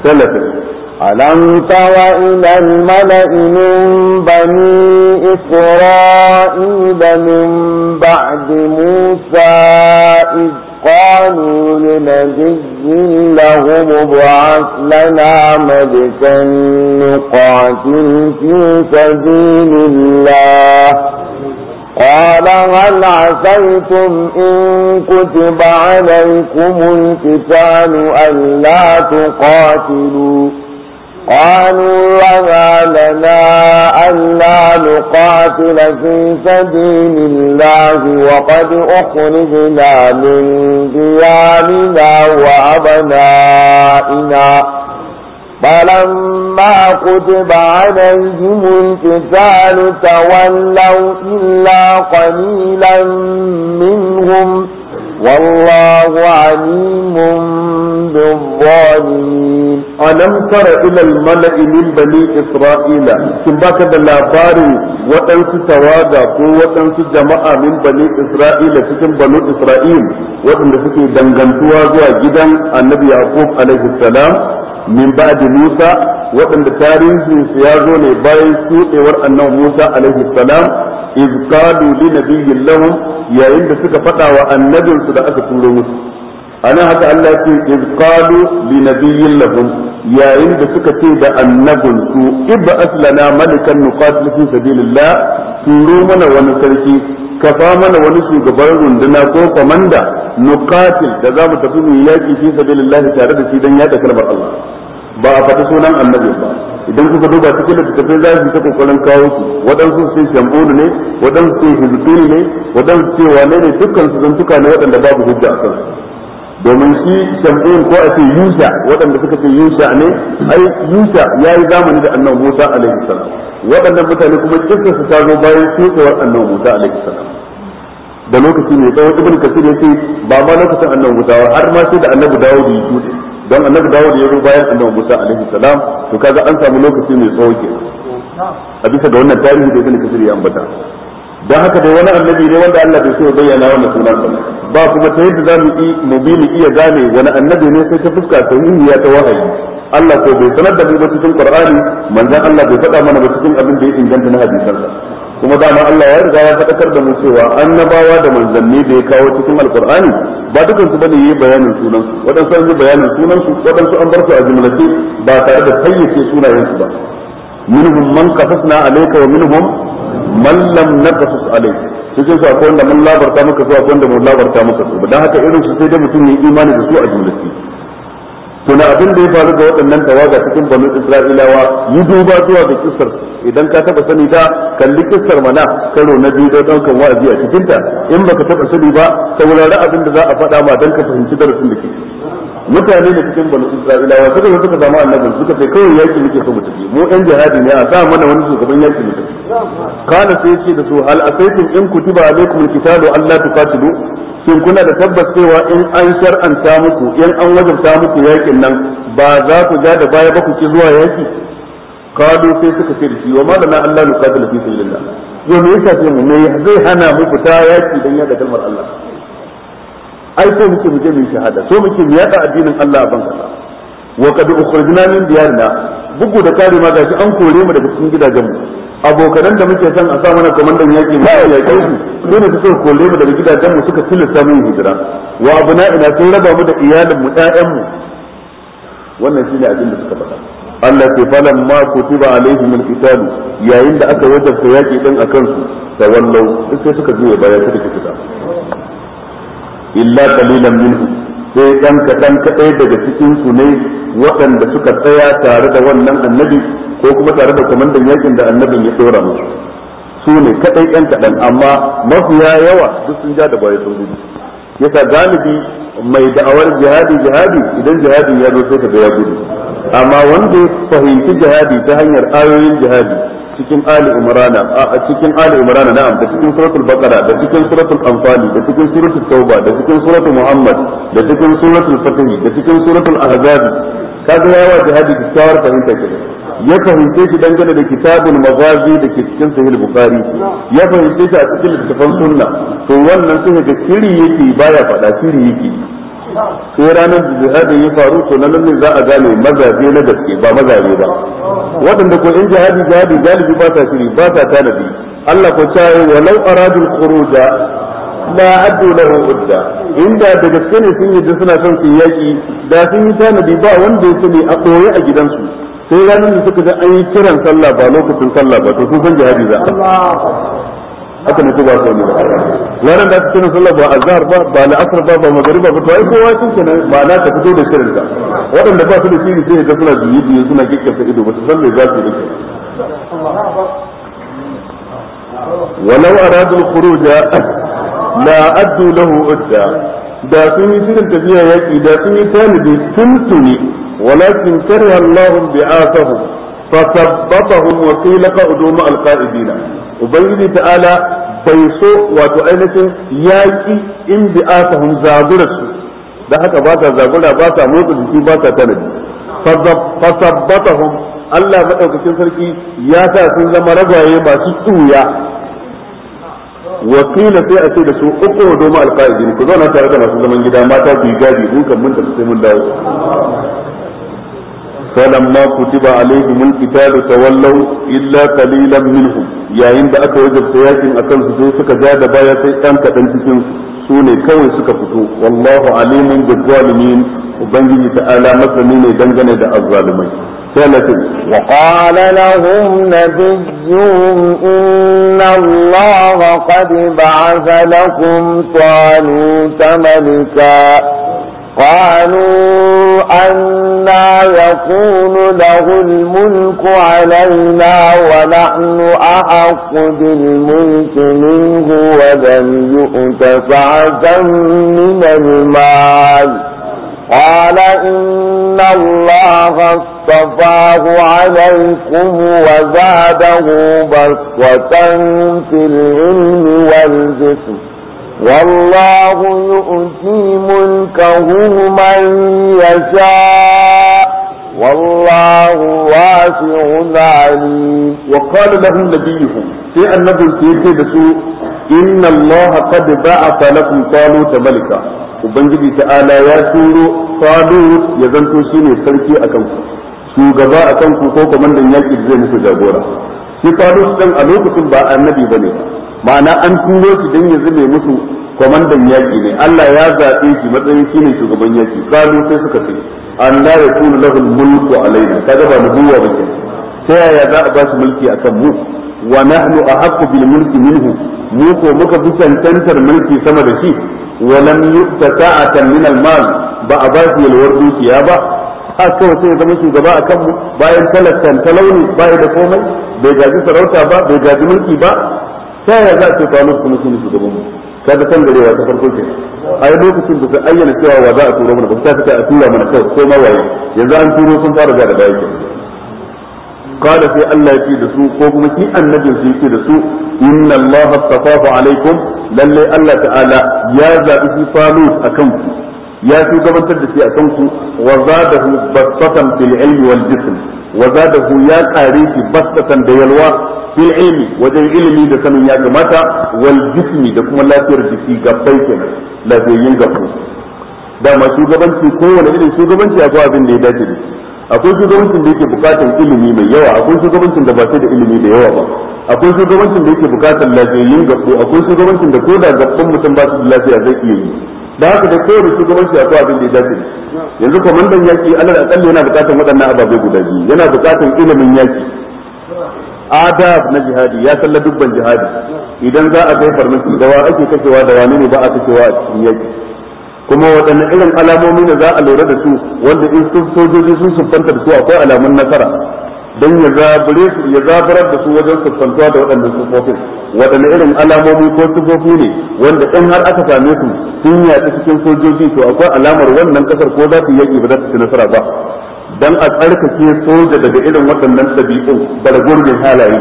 sallallahu alam tawa إلى الملأ من بني إسرائيل من بعد musa. قالوا لنبي له مبعث لنا ملكا نقاتل في سبيل الله قال هل عسيتم إن كتب عليكم القتال ألا تقاتلوا قالوا وما لنا ألا يقاتل في سبيل الله وقد أخرجنا من ديارنا وأبنائنا فلما كتب عليهم القتال تولوا إلا قليلا منهم والله عليم بالظالمين ألم تر إلى الملأ من بني إسرائيل كم باك باللابار وأنت تواجع وأنت جماعة من بني إسرائيل كم بنو إسرائيل وأنت سكي دنغنتوا جدا النبي يعقوب عليه السلام min ba'di Musa waɗanda tarihin su ya zo ne bayan shuɗewar annabi Musa alaihi salam iz qalu li nabiyyin lahum yayin da suka faɗa wa annabin su da aka turo musu ana haka Allah ya ce iz qalu li nabiyyin lahum yayin da suka ce da annabin su ib'ath lana malikan nuqatil fi sabilillah turo mana wani sarki ka fa mana wani shugaban runduna ko komanda nukatil da za mu tafi mu yaki fi sabilillahi tare da shi dan yada kalmar Allah ba a faɗi sunan annabi ba idan kuka duba cikin littattafai za su ta kokarin kawo su waɗansu su shambulu ne waɗansu su hizbuni ne waɗansu ce wane ne dukkan su zantuka ne waɗanda babu hujja a kansu domin shi shafi'in ko a ce yusa waɗanda suka ce yusa ne ai yusa ya yi zamani da annabi musa alaihi salam waɗannan mutane kuma kirkin su ta zo bayan shekewar annabi musa alaihi salam da lokaci mai tsawon ibn kasir yace ba ma lokacin annabi musa har ma sai da annabi dawud ya tude don annabi dawud ya zo bayan annabi musa alaihi salam to kaga an samu lokaci mai tsawo ke a bisa ga wannan tarihi da ibn kasir ya ambata don haka dai wani annabi ne wanda Allah bai so bayyana wannan sunan ba ba kuma ta yadda za mu yi mu bi mu iya gane wani annabi ne sai ta fuska ta ya ta wahayi Allah ko bai sanar da mu ba cikin Qur'ani manzon Allah bai faɗa mana ba cikin abin da ya inganta na hadisansa kuma dama Allah ya riga ya faɗakar da mu cewa annabawa da manzanni da ya kawo cikin alkur'ani ba dukkan su bane yi bayanin sunan su an yi bayanin sunan su an bar su a jumlace ba tare da fayyace sunayen su ba minhum man qasasna alayka wa minhum man lam naqasus alai cikin su akwai wanda mun labarta maka su akwai wanda mun labarta muka su dan haka irin su sai dai mutum ya imani da su a jumlace tuna abin da ya faru ga waɗannan tawaga cikin banu isra'ilawa yi duba zuwa ga kissar idan ka taba sani ta kalli kissar mana karo na biyu don ɗaukan wa'azi a cikin ta in baka taba sani ba saurari abin da za a faɗa ma don ka fahimci darasin da ke mutane da cikin banu isra'ilawa suka zo suka samu annabin suka ce kawai yaki muke so mu tafi mu ɗan jihadi ne a sa mana wani shugaban yaki mu tafi kana sai yace da su hal asaitum in kutiba alaikum alqitalu alla tuqatilu shin kuna da tabbas cewa in an shar'anta muku in an wajabta muku yaki yakin nan ba za ku ja da baya ba ku ci zuwa yaki kalu sai suka ce da shi wa ma lana Allah nu qatala fi sabilillah yo me yasa ce mu me zai hana mu fita yaki dan yada kalmar Allah ai sai muke mu je mu shahada so muke mu yada addinin Allah a banka wa kad ukhrijna min diyarina bugu da kare ma gashi an kore mu daga cikin gidajen mu abokanan da muke son a sa mana komandan yaki ba ya kai su su ne suka kore mu daga gidajen mu suka tilasta mu hijira wa abuna ina sun raba mu da iyalin mu ƴaƴan mu wannan shine abin da suka faɗa Allah ke falan ma kutiba alaihim alqital yayin da aka wajabta yaki din akan su da wallau duk sai suka juya baya suka kita illa qalilan minhum sai dan kadan kadai daga cikin su ne waɗanda suka tsaya tare da wannan annabi ko kuma tare da komandan yakin da annabin ya dora musu su ne kadai ɗan kadan amma mafiya yawa duk sun ja da baya sun gudu yasa galibi mai da'awar jihadi jihadi idan jihadi ya zo sai kaga ya gudu amma wanda fahimci jihadi ta hanyar ayoyin jihadi cikin ali umrana a cikin ali umrana na'am da cikin suratul baqara da cikin suratul anfal da cikin suratul tauba da cikin suratul muhammad da cikin suratul fatih da cikin suratul ahzab kaga yawa jihadi kyakkyawar fahimta kenan ya fahimce shi dangane da kitabul magazi da ke cikin sahih bukhari ya fahimce shi a cikin littafin sunna to wannan sai ga kiri yake baya faɗa kiri yake sai ranar da jihadin ya faru to nan ne za a gane mazaje na gaske ba mazaje ba waɗanda ko in jihadi jihadi galibi ba ta kiri ba ta tanadi Allah ko ta yi walau aradul khuruja la addu lahu udda inda da gaske ne sun yi suna son su yaki da sun yi tanadi ba wanda ya sani a koye a gidansu sai ranar da suka ga an yi kiran sallah ba lokacin sallah ba to sun san jihadi za a haka ne ko ba su ne ranar da suka sallah ba azhar ba ba la'asar ba ba magariba ba to ai kowa sun ce ba na ta fito da kiran ta waɗanda ba su da shiri sai ga suna biyu biyu suna kikkata ido ba su san me za su yi ولو أرادوا الخروج لا أدوا له عدة da sun yi shirin tafiya yaki da sun yi tanadi tuntuni walakin karha Allahu fa fasabbatahum wa qila qa'udu ma al ubangiji ta'ala bai so wato ainihin yaƙi in bi'athahum zagura su da haka ba ta zagura ba ta motsa jiki ba ta tanadi fasabbatahum Allah madaukakin sarki ya sa sun zama ragaye masu tsuya wakila sai a ce da su uku wa doma alfa'izi ku zauna tare da masu zaman gida mata ku yi gadi mun kan mun tafi sai mun dawo falamma kutiba alaihim alqitalu illa qalilan minhum yayin da aka wajabta yakin akan su sai suka ja da baya sai dan kadan cikin su ne kawai suka fito wallahu alimun bi zalimin ubangiji ta'ala ala masani ne dangane da azzalimai وقال لهم نبيهم إن الله قد بعث لكم طالوت ملكا قالوا أنا يكون له الملك علينا ونحن أحق بالملك منه ولم يؤت سعة من المال قال إن الله اصطفاه عليكم وزاده بسطة في العلم والجسم والله يؤتي ملكه من يشاء والله واسع عليم وقال له نبيهم في النبي سيكي بسوء إن الله قد بعث لكم طالوت ملكا وبنجد تعالى يا سورو طالوت يزنتو سيني سركي أكمكم shugaba a kan ku ko kwamandan yaƙi zai musu jagora shi faru dan a lokacin ba annabi ba ne ma'ana an turo shi don ya zame musu kwamandan yaƙi ne Allah ya zaɓe shi matsayin shi ne shugaban yaƙi kalu sai suka ce an la yakunu lahu mulku alaina kaga ba nubuwa ba ke ta yaya za a ba shi mulki kan mu wa nahnu ahaqqu bil mulki minhu mu ko muka bi cancantar mulki sama da shi wa lam yu'ta sa'atan min al mal ba a ba shi yalwar dukiya ba har kawai sai ya zama shugaba a kanmu bayan talattan talauni bayan da komai bai gaji sarauta ba bai gaji mulki ba ta yaya za a ce kawo kuma shi ne shugabanmu kaga san garewa ta farko ke a yi lokacin da ta ayyana cewa wa za a turo mana ba ta fita a tura mana kawai ko ma waye yanzu an turo sun fara ga da baya ke qala sai Allah yake da su ko kuma shi annabin su yake da su inna Allah astafahu alaikum lalle Allah ta'ala ya zabi fi falut akan ku ya shugabantar da shi a kanku wa zadahu basatan fil ilmi wal jism wa zadahu ya kare shi basatan da yalwa fil ilmi wajen ilimi da sanin yakamata kamata wal jismi da kuma lafiyar jiki gabbai dama irin shugabanci akwai abin da ya dace da akwai shugabancin da yake bukatar ilimi mai yawa akwai shugabancin da ba sai da ilimi da yawa ba akwai shugabancin da yake bukatar lafiyayyun gabbo akwai shugabancin da koda gabban mutum ba su da lafiya zai iya yi da haka da kowane shugabanci akwai abin da ya dace yanzu kwamandan yaki alal akalli yana buƙatar waɗannan ababe guda biyu yana bukatan ilimin yaki adab na jihadi ya san dubban jihadi idan za a kai farmaki da wa ake kashewa da wani ne ba a kashewa a cikin yaki kuma waɗanne irin alamomi ne za a lura da su wanda in sun sojoji sun fanta da su akwai alamun nasara don ya zabure su ya da su wajen sassantuwa da waɗannan sufofin waɗanne irin alamomi ko sufofi ne wanda in har aka same su sun yaɗu cikin sojoji to akwai alamar wannan kasar ko za su yaƙi ba za su ci nasara ba dan a tsarkake soja daga irin waɗannan ɗabi'un daga gurbin halaye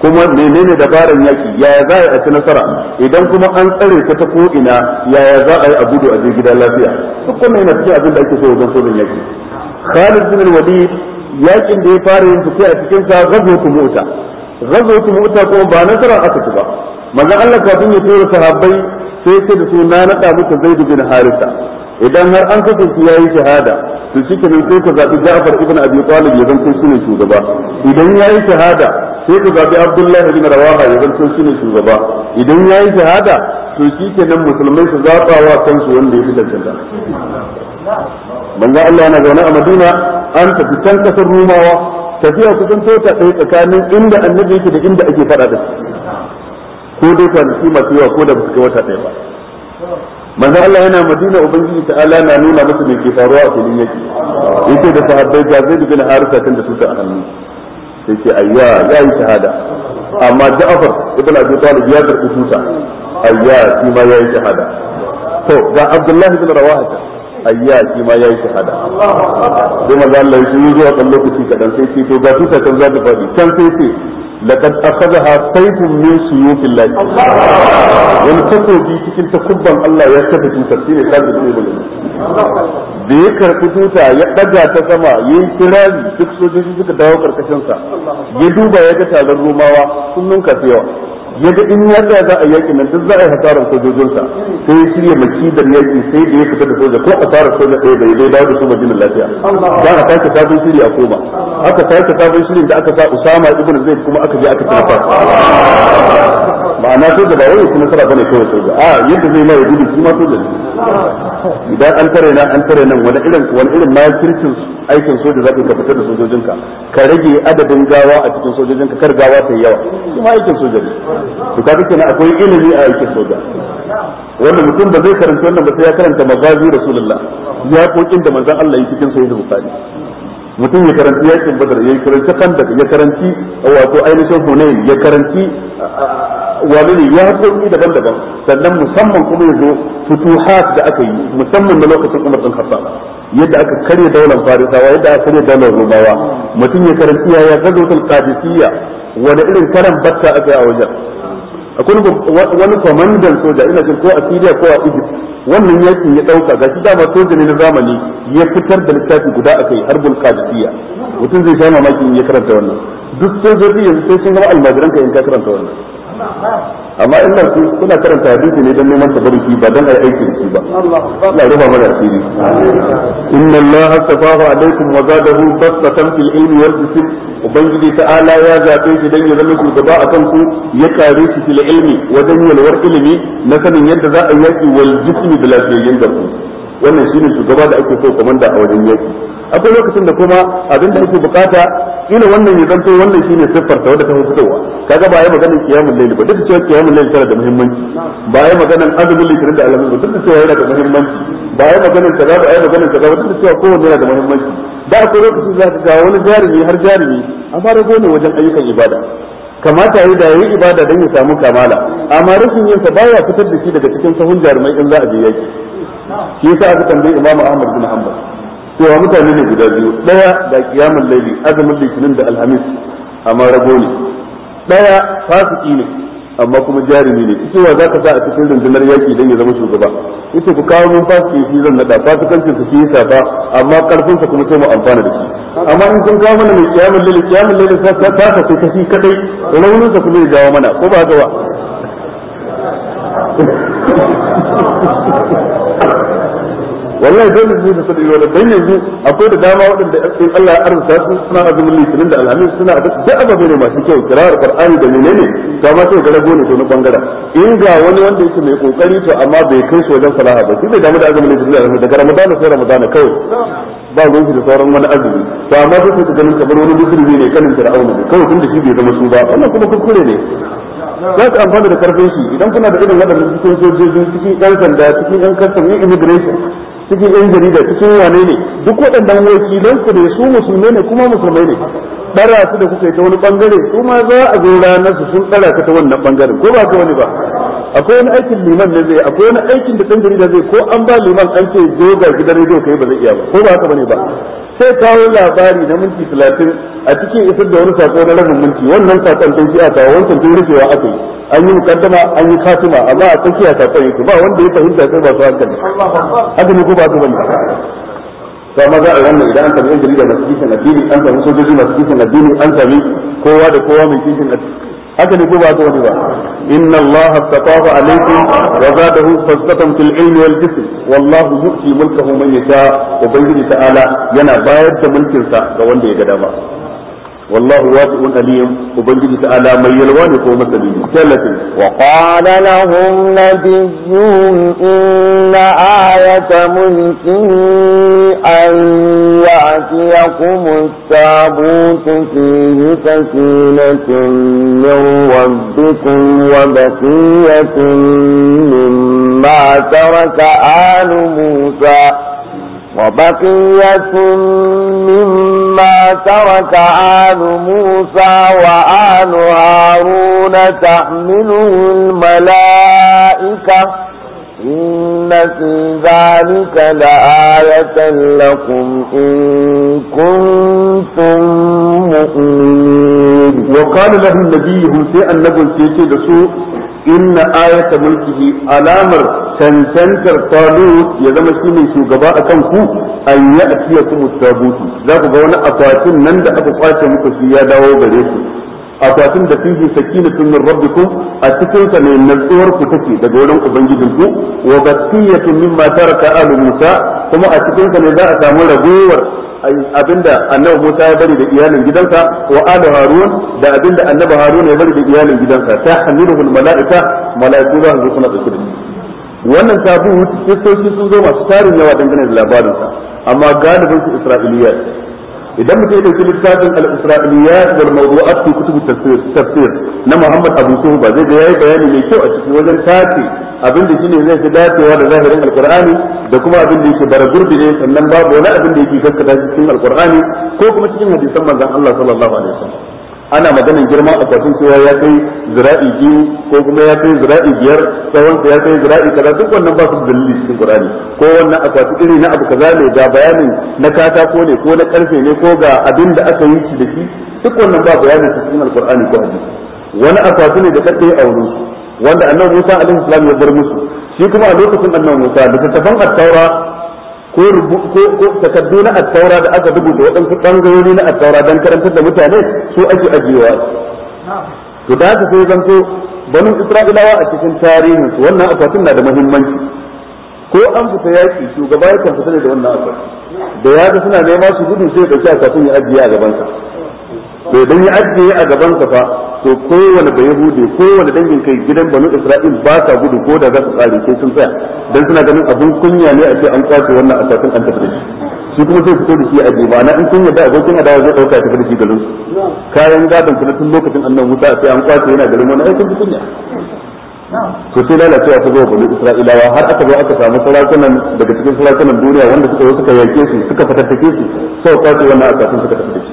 kuma menene dabaran yaki yaya za a yi a ci nasara idan kuma an tsare ka ta ko ina yaya za a yi a gudu a je gida lafiya duk wannan yana cikin abin da ake so wajen sojan yaki Khalid bin Walid yakin da ya fara yin sai a cikin sa ghazwatu mu'ta ku mu'ta ko ba nasara aka ci ba manzon Allah kafin ya tura sahabbai sai sai da su na da muku Zaid bin Haritha idan har an kasance yayi shahada to shikenan sai ka zabi Ja'far ibn Abi Talib ya zanto ne shugaba idan yayi shahada sai ka zabi Abdullah ibn Rawaha ya zanto ne shugaba idan yayi shahada to nan musulmai su zaba wa kansu wanda ya fi tantance manzo Allah yana zaune a Madina an tafi can kasar rumawa tafiya kusan tota ɗaya tsakanin inda annabi yake da inda ake faɗa da ko dai kwanaki masu yawa ko da ba su kai wata ɗaya ba manzo Allah yana madina ubangiji ta'ala na nuna masa me ke faruwa a filin yake yake da sahabbai ga zai bin harisa tun da suka hannu sai ce ayya ya yi shahada amma Ja'far ibn Abi Talib ya karɓi tuta ayya shi ma ya yi shahada to ga Abdullahi bin Rawaha ayya shi ma yayi shahada sai manzo Allah ya yi zuwa kan lokaci kadan sai ce to ga tuka kan za ta fadi kan sai ce laqad akhadha sayfun min suyufillah wani takobi cikin takubban Allah ya saka tuta shi ne kan da da ya karbi tuta ya daga ta sama yayi kirari duk sojoji suka dawo karkashin sa ya duba ya ga taron rumawa sun ninka yawa ya ga in ya za a yaƙi nan duk za a yi hasarar sojojinsa sai ya shirya makidar yaƙi sai da ya fita da soja ko hasarar soja ɗaya bai dai dawo da su madinin lafiya za a sake sabon shiri a koma aka sake sabon shirin da aka sa usama ibn zaid kuma aka je aka tafa ma'ana soja ba wani kuma sara bane kawai soja a yadda zai mai gudu shi ma soja ne idan an tare na an tare nan wani irin wani irin ma kirkin aikin soja zaka ka fitar da sojojinka ka rage adadin gawa a cikin sojojinka kar gawa ta yawa shi ma aikin soja ne to kaga kenan akwai ilimi a aikin soja wanda mutum ba zai karanta wannan ba sai ya karanta magazi rasulullah ya kokin da manzon Allah yi cikin sahih bukhari mutum ya karanci yakin badar ya karanci kandak ya karanci wato ainihin hunayn ya karanci wani ne ya haƙoƙi daban-daban sannan musamman kuma ya zo futuhat da aka yi musamman na lokacin Umar bin Khattab yadda aka karya daular Farisawa yadda aka karya daular Romawa mutum ya karanci yaya gazotul Qadisiyya wani irin karan batta aka yi a wajen akwai wani kwamandan soja ina jin ko a Syria ko a Egypt wannan yaki ya dauka ga shi dama soja ne na zamani ya fitar da littafi guda akai harbul Qadisiyya mutum zai sha mamaki ya karanta wannan duk sojoji yanzu sai sun zama almajiran ka in ka karanta wannan amma in na ku kuna karanta hadisi ne don neman barki ba don ai aiki da ba Allah rufa mana asiri inna Allah astafahu alaikum wa zadahu basatan fil ilmi wal jism ubangiji ta'ala ya zabe shi dan ya zama shugaba akan ku ya kare shi fil ilmi wajen yalwar ilimi na sanin yadda za a yaki wal jism bil lafiyayyin da ku wannan shine shugaba da ake so komanda a wajen yaki akwai lokacin da kuma abin da ake bukata ina wannan ya zanto wannan shine siffar ta wadda ta fi fitowa kaga ba yayi maganar kiyamul layl ba duk da cewa kiyamul layl tana da muhimmanci ba yayi maganar azumin litinin da alamin ba duk da cewa yana da muhimmanci ba yayi maganar kaza ba yayi maganar kaza ba duk da cewa kowanne yana da muhimmanci da akwai lokacin za ka ga wani jarumi har jarumi amma rago ne wajen ayyukan ibada kamata yi da yi ibada don ya samu kamala amma rashin yin sa baya fitar da shi daga cikin sahun jarumai in za a je yaki shi yasa aka tambayi Imam Ahmad bin Hanbal cewa mutane ne guda biyu daya da kiyamar laili azumin litinin da alhamis amma rago ne daya fasiki ne amma kuma jarumi ne ita wa zaka sa a cikin rundunar yaki dan ya zama shugaba ita ku kawo mun fasiki shi zan nada fasikancin su yi safa amma karfin sa kuma sai mu amfana da shi amma in kun kawo mana mai kiyamar laili kiyamar laili sa ta ta sai kashi kadai raunin sa kuma ya jawo mana ko ba ga wa wallahi dole mu da sadai wala dan yanzu akwai da dama waɗanda in Allah ya arzuta su suna azumin litinin da alhamis suna da duk ababe ne masu kyau kirar qur'ani da menene to amma sai ga rago ne to na bangaren in ga wani wanda yake mai kokari to amma bai kai shi wajen salaha ba sai da damu da azumin litinin da alhamis daga ramadana sai ramadana kawai ba ruwan shi da sauran wani azumi to amma duk su ganin kamar wani musulmi ne kanin fir'aun ne kawai tunda shi bai zama su ba wannan kuma kuskure ne za ka amfana da karfin shi idan kuna da irin waɗannan cikin sojoji cikin yan sanda cikin yan custom yan immigration cikin yan jarida cikin wane ne duk waɗannan wakilan su ne su musulmai ne kuma musulmai ne tsara su da kuka yi ta wani bangare kuma za a zo ranar su sun tsara ka ta wannan bangaren ko ba ka wani ba akwai wani aikin liman ne zai akwai wani aikin da dan jarida zai ko an ba liman an ce zo ga gidan rediyo kai ba zai iya ba ko ba ka bane ba sai kawo labari na minti talatin a cikin isar da wani sako na rabin minti wannan sakon tun a kawo wancan tun rufewa aka yi an yi mukaddama an yi katima amma a tsakiya sakon yake ba wanda ya fahimta sai ba su hankali haka ne ko ba ka bane to za a ranar idan an sami yan jarida masu kishin addini an sami sojoji masu kishin addini an sami kowa da kowa mai kishin addini haka ne ko ba ta wani ba inna allaha astafafa alaykum wa zadahu fasatan fil ilmi wal jism wallahu yu'ti mulkahu man yasha ubangiji ta'ala yana bayar da mulkin sa ga wanda ya ga dama والله واسع عليم وبنجد تعالى من يلوان قوم السبيل ثلاثة وقال لهم نبيهم إن آية ملكه أن يأتيكم التابوت فيه سكينة من ربكم وبقية مما ترك آل موسى وبقية مما ما ترك آل موسى وآل هارون تحمله الملائكة إن في ذلك لآية لكم إن كنتم مؤمنين وقال له النبي هم سيئا نبل سيئا inna ayata mulkihi alamar tantantar talut ya zama shine shugaba akan ku an ya'tiyakum tabutu za ku ga wani akwatin nan da aka kwace muku shi ya dawo gare ku akwatin da fihi sakinatun min rabbikum a cikin sa ne natsuwar ku take daga wurin ubangijin ku wa baqiyatun mimma taraka alu musa kuma a cikin sa ne za a samu ragowar abinda annabi Musa ya bari da iyalin gidansa wa alu Harun da abinda annabi Harun ya bari da iyalin gidansa ta hamiluhu malaika malaiku za su suna dauke wannan tabu sun zo masu tarin yawa dangane da labarinsa amma galibin su Isra'iliyya idan mutum ya dauki littafin al-isra'iliyat wal mawdu'at fi kutub tafsir na Muhammad Abu Suhu ba zai ga yayi bayani mai kyau a cikin wajen tace abin da shine zai fi dacewa da zahirin alqur'ani da kuma abin da yake bara gurbi ne sannan babu wani abin da yake gaskata cikin alqur'ani ko kuma cikin hadisan manzon Allah sallallahu alaihi wasallam ana maganin girma a akwatin cewa ya kai zira'i biyu ko kuma ya kai zira'i biyar tsawon ya kai zira'i kaza duk wannan ba su da dalili cikin qur'ani ko wannan akwati iri na abu kaza ne ga bayanin na katako ne ko na karfe ne ko ga abin da aka yi shi da shi duk wannan ba bayanin cikin alqur'ani ko hadisi wani akwati ne da kadai a wurin wanda annabi Musa alaihi salam ya bar musu shi kuma a lokacin annabi Musa da tafan at-taura ko takardu na attaura da aka rubuta waɗansu ɓangarori na attaura don karantar da mutane su ake ajiyewa su da haka sai zanto banin isra'ilawa a cikin tarihinsu wannan akwatin na da muhimmanci ko an fita yaƙi shugaba ya kan fita da wannan akwatin da ya ga suna nema su gudu sai ya ɗauki akwatin ya ajiye a gabansa to idan ya ajiye a gaban ka fa to kowane bai hude kowane dangin kai gidan banu isra'il ba ta gudu ko da za su tsare sai sun tsaya dan suna ganin abun kunya ne a ce an kwace wannan asakin an tafi shi kuma sai fito da shi a jiba na in kun yadda abokin adawa zai dauka tafi da shi garin su kayan gadon kuma tun lokacin annan Musa sai an kwace yana garin wani aikin kunya to sai lalacewa ta zo bani isra'ilawa har aka zo aka samu sarakunan daga cikin sarakunan duniya wanda suka yi suka yake su suka fatattake su sau kwace wannan asakin suka tafi da shi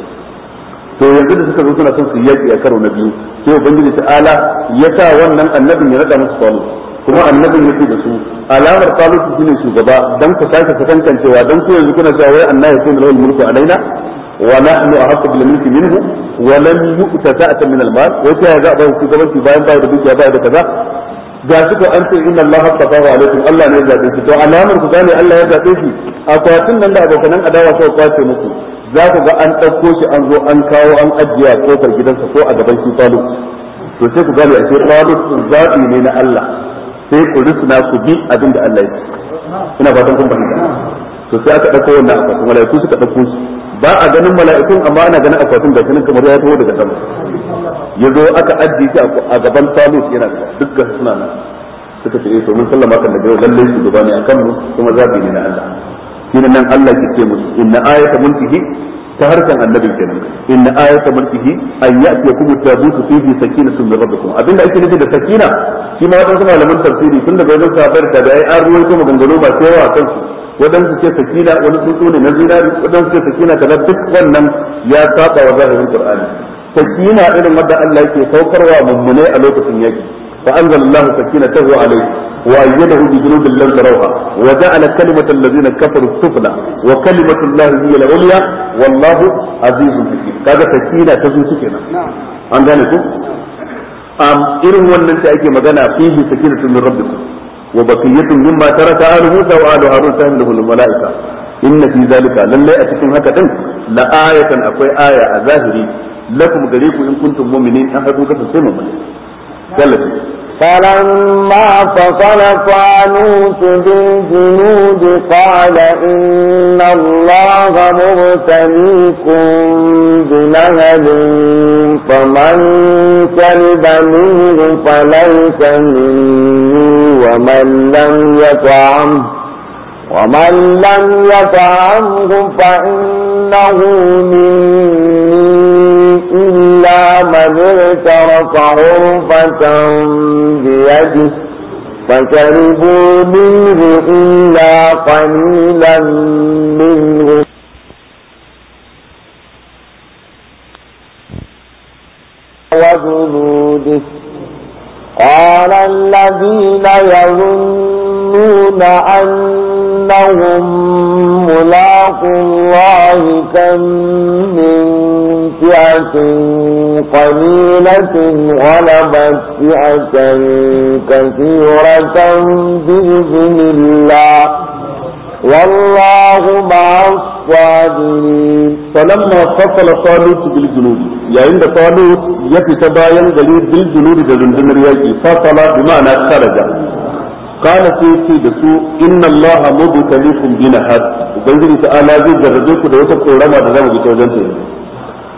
to yanzu da suka zo suna son su yaki a karo na biyu sai ubangiji ala ya sa wannan annabin ya rada musu salu kuma annabin yake da su alamar salu su ne shugaba dan ka sake sakankancewa dan ku yanzu kuna cewa wai annabi sai lahu mulku alaina wa nahnu ahqqu bil mulki minhu wa lam yu'ta sa'atan min al mal wai sai ga ba ku gabanci bayan ba da dukiya ba da kaza ga shi an ce inna Allah haqqahu alaikum Allah ne ya zabe shi to alamar ku gane Allah ya zabe shi akwatin nan da abokanan adawa suka kwace muku za ka ga an ɗauko shi an zo an kawo an ajiye a kofar gidansa ko a gaban shi falo to sai ku gane a ce sun zaɓi ne na Allah sai ku rusuna ku bi abin da Allah ya ce ina fatan kun fahimta to sai aka ɗauko wannan akwatin mala'iku suka ɗauko shi ba a ganin mala'ikun amma ana ganin akwatin da kanin kamar ya taho daga sama ya zo aka ajiye shi a gaban falo yana da dukkan suna nan suka ce eh, to mun sallama kan da lalle gaba ne akan mu kuma zaɓi ne na Allah shine nan Allah ke ce musu inna ayata mulkihi ta harkan annabi kenan inna ayata mulkihi an ya'tiyakum at-tabutu fihi sakinatun min rabbikum abinda ake nufi da sakina shi ma wadansu malaman tafsiri tun daga wajen sahabbai da tabi'ai an kuma maganganu ba cewa a kansu wadansu ce sakina wani sun ne na zinari wadansu ce sakina kaza duk wannan ya saba wa zahirin qur'ani sakina irin wanda Allah yake saukarwa mummune a lokacin yaki فأنزل الله سكينته عليه وأيده بجنود لم تروها وجعل كلمة الذين كفروا السفلى وكلمة الله هي العليا والله عزيز حكيم هذا سكينة تزن سكينة an gane ku am irin wannan ta ake magana fihi sakinatun rabi rabbikum wa baqiyatun mimma taraka alu musa wa alu harun tahmiluhu al malaika inna fi zalika lalle a cikin haka din la ayatan akwai aya a zahiri lakum gare in kuntum mu'minin an hadu فلما فصل طالوت بالجنود قال إن الله مبتليكم بنهل فمن شرب منه فليس مني ومن لم يطعم ومن لم يطعمه فإنه مني إلا من اغترف عرفة بيده فشربوا منه إلا قليلا منه وجنوده قال الذين يظنون أن أنهم ملاق الله كم من فئة قليلة غلبت فئة كثيرة بإذن الله والله مع الصادقين فلما فصل طالوت بالجنود يعني عند طالوت يفتباين دليل بالجنود بالجنود فصل بمعنى خرج kana sai ce da su inna Allah mubtaliikum bi nahar ubangiji ta'ala zai jarrabe ku da wata korama da zamu fita wajen ta yanzu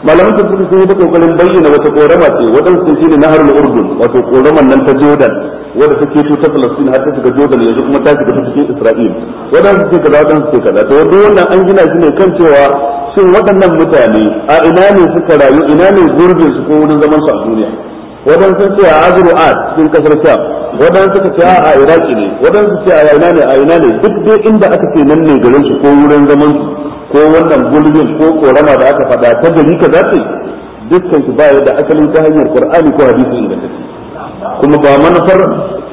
malaman tafsiri sun yi ta kokarin bayyana wata korama ce wadansu sun shine nahar al-urdun wato koraman nan ta jodan wanda take to ta Palestine har ta shiga Jordan yanzu kuma ta shiga cikin Isra'il wadansu ce kaza wadansu wannan an gina shi ne kan cewa shin waɗannan mutane a ina rayu ina ne gurbin su ko wurin zaman su a duniya wadan sun ce a azuru a cikin kasar sham wadan ce a iraki ne wadan su ce a yana ne a yana ne duk dai inda aka ce nan ne garin su ko wurin zaman su ko wannan gulbin ko korama da aka faɗa ta gari ka zace dukkan su baya da asalin ta hanyar qur'ani ko hadisi ingantacce kuma ba manufar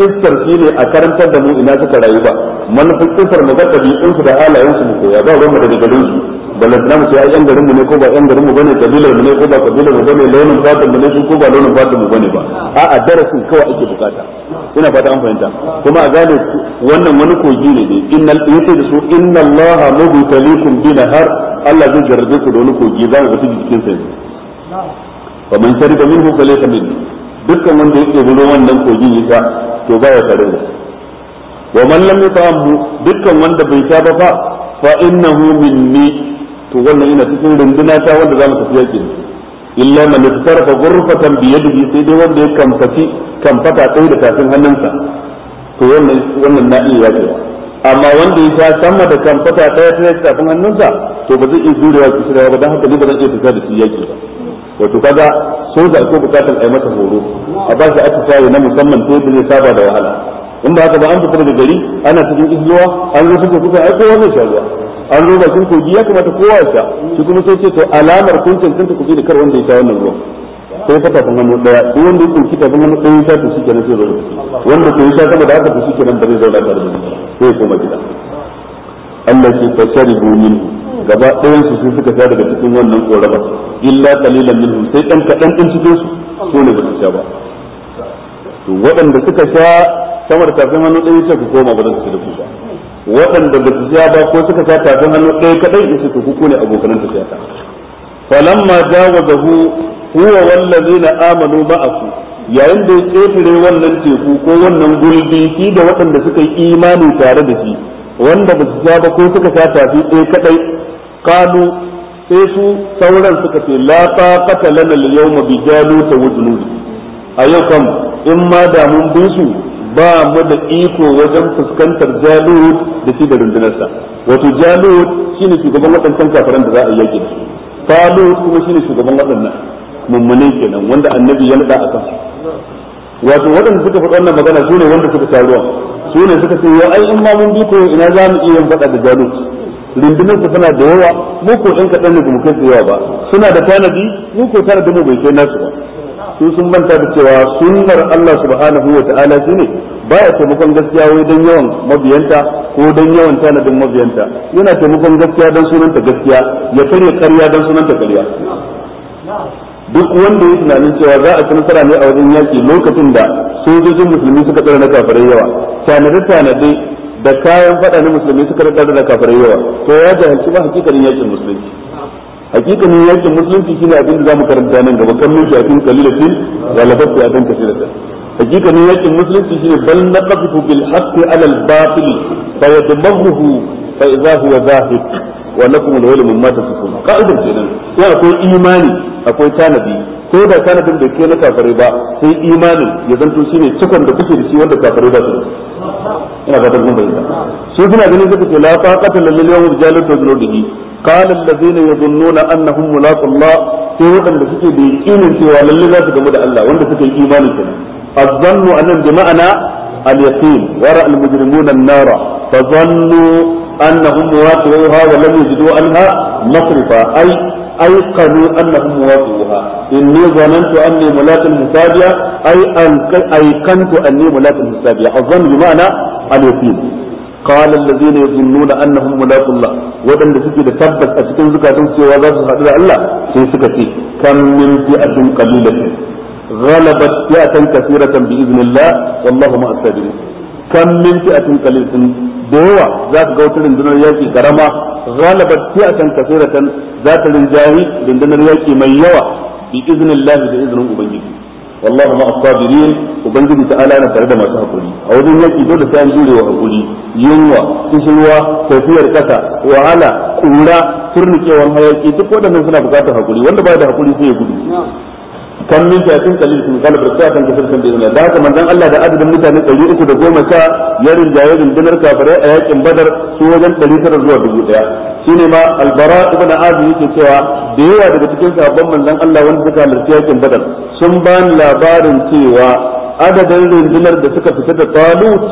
iskar shi ne a karantar da mu ina suka rayu ba manufin iskar mu in su da halayensu mu koya ba ruwan mu daga garin su ba na mu sai ai yan garin mu ne ko ba yan garin mu bane kabilar mu ne ko ba kabilar mu bane launin fatan mu ne ko ba launin fatan mu bane ba a'a darasin kawai ake bukata ina fata an fahimta kuma a gane wannan wani kogi ne ne innal yace da su inna allaha mubtalikum bi nahar Allah zai jarrabe ku da wani kogi za mu ga cikin sa faman shariba minhu falaysa minni dukkan wanda yake bulo wannan kogin yasa to to baya tare da wa man lam yutamu dukkan wanda bai sha ba fa fa innahu minni to wannan ina cikin runduna ta wanda zamu tafi yakin illa man tarfa ghurfatan bi yadihi sai dai wanda ya kamfaci kamfata dai da tafin hannunsa to wannan wannan na iya yake amma wanda ya sha sama da kamfata ɗaya ta tafin hannunsa to ba zai iya jurewa kisirawa ba dan haka ne ba zai iya fita da shi yake ba wato kaga sun zarko bukatar ai mata horo a ba shi aka atisaye na musamman to da zai saba da wahala in ba haka ba an fita daga gari ana cikin izuwa an zo suke kusa ai kowa zai sha ruwa an zo bakin kogi ya kamata kowa ya sha shi kuma sai ce to alamar kuncin cancanta kuke da kar wanda ya sha wannan ruwa sai ka tafi hannu daya ko wanda ya kunki tafi hannu ɗaya sha to shikenan sai zo wanda ke sha saboda haka to shikenan ba zai zauna tare da sai koma gida Allah ke fasari domin gaba ɗayan su sun suka sha daga cikin wannan koraba illa kalilan minhum sai ɗan kaɗan ɗin cikin su su ne ba su sha ba to waɗanda suka sha sama da tafin hannu ɗaya ce ku koma ba za su ci da ku ba waɗanda ba su sha ba ko suka sha tafin hannu ɗaya kadai in su ku ku ne abokanan ta sha falamma jawazahu huwa wallazina amanu ma'ahu yayin da ya ƙetare wannan teku ko wannan gulbi shi da waɗanda suka yi imani tare da shi wanda ba su ba ko suka sha tafi ɗaya kaɗai kanu sai su sauran suka ce la taqata lana al-yawma bi jalut wa junud a yau kam in ma da mun ba mu da iko wajen fuskantar jalut da shi da rundunarsa wato jalut shine shugaban waɗancan kafiran da za a yake da su kuma shine shugaban waɗannan kenan wanda annabi ya nada a wato waɗanda suka faɗi wannan magana su ne wanda suka taruwa su ne suka ce ai in ma mun biko ina za mu iya faɗa da jalut rundunar su tana da yawa mu ko ɗan kaɗan ne mu kai ba suna da tanadi mu ko da mu bai kai nasu ba su sun manta da cewa sunnar Allah subhanahu wa ta'ala shine baya taimakon gaskiya wai dan yawan mabiyanta ko dan yawan tanadin mabiyanta yana taimakon gaskiya dan sunanta gaskiya ya karya karya dan sunanta karya duk wanda ya tunanin cewa za a ci nasara ne a wajen yaki lokacin da sojojin musulmi suka tsara na kafirai yawa tanade tanade da kayan fada na musulmi suka tsara na kafirai yawa to ya jahilci ba hakikanin yakin musulunci hakikanin yakin musulunci shine abin da zamu karanta nan gaba kan mun shafin qalilatin wa labatu adan kathiratan hakikanin yakin musulunci shine bal naqatu bil haqqi ala al batil fa yadmahu fa idha huwa zahid wa lakum al-wayl mimma tasifun qa'idatan yana ko imani akwai tanadi ko da tanadin da ke na kafirai ba sai imanin ya zanto shi ne cikon da kuke da shi wanda kafirai ba su ina fatan kun bayyana su suna ganin suka ce la faqata lil yawm rijalun tazrudihi qala allazina yadhunnuna annahum mulaqullah sai wadanda suke da yakinin cewa lalle za su gamu da Allah wanda suka yi imanin kenan azzannu annan ma'ana al-yaqin wara al-mujrimuna an-nara fazannu annahum waqi'uha wa lam yajidu anha masrifa ay أيقنوا أنهم مواقعوها إني ظننت أني ملاك المسابية أي أيقنت أني ملاك المسابية الظن بمعنى اليقين قال الذين يظنون أنهم ملاك الله ودن سكي تثبت أسكن زكاة سوى ذات حدود الله في سكتي كم من فئة قليلة غلبت فئة كثيرة بإذن الله والله مع الصابرين كم من فئة قليلة da yawa za ka ga wata rundunar yaki karama kan kasira kathiratan za ta rinjayi rundunar yaƙi mai yawa bi iznillah da iznin ubangiji wallahu ma asabirin ubangiji ala na tare da masu hakuri a wajen yaƙi dole sai an jure wa hakuri yunwa kusurwa tafiyar kasa wahala kura turnikewan hayaki duk waɗannan suna buƙatar hakuri wanda ba da hakuri sai ya gudu kan min fi'atin qalil sun galabat fi'atan kathiratan bi idhnillah da haka manzon Allah da adadin mutane 310 ya rinjaye rundunar kafare a yakin badar su wajen 900 zuwa 1000 shine ma albara ibn azib yake cewa da yawa daga cikin sahabban manzon Allah wanda suka halarci yakin badar sun ba ni labarin cewa adadin rundunar da suka fita da talut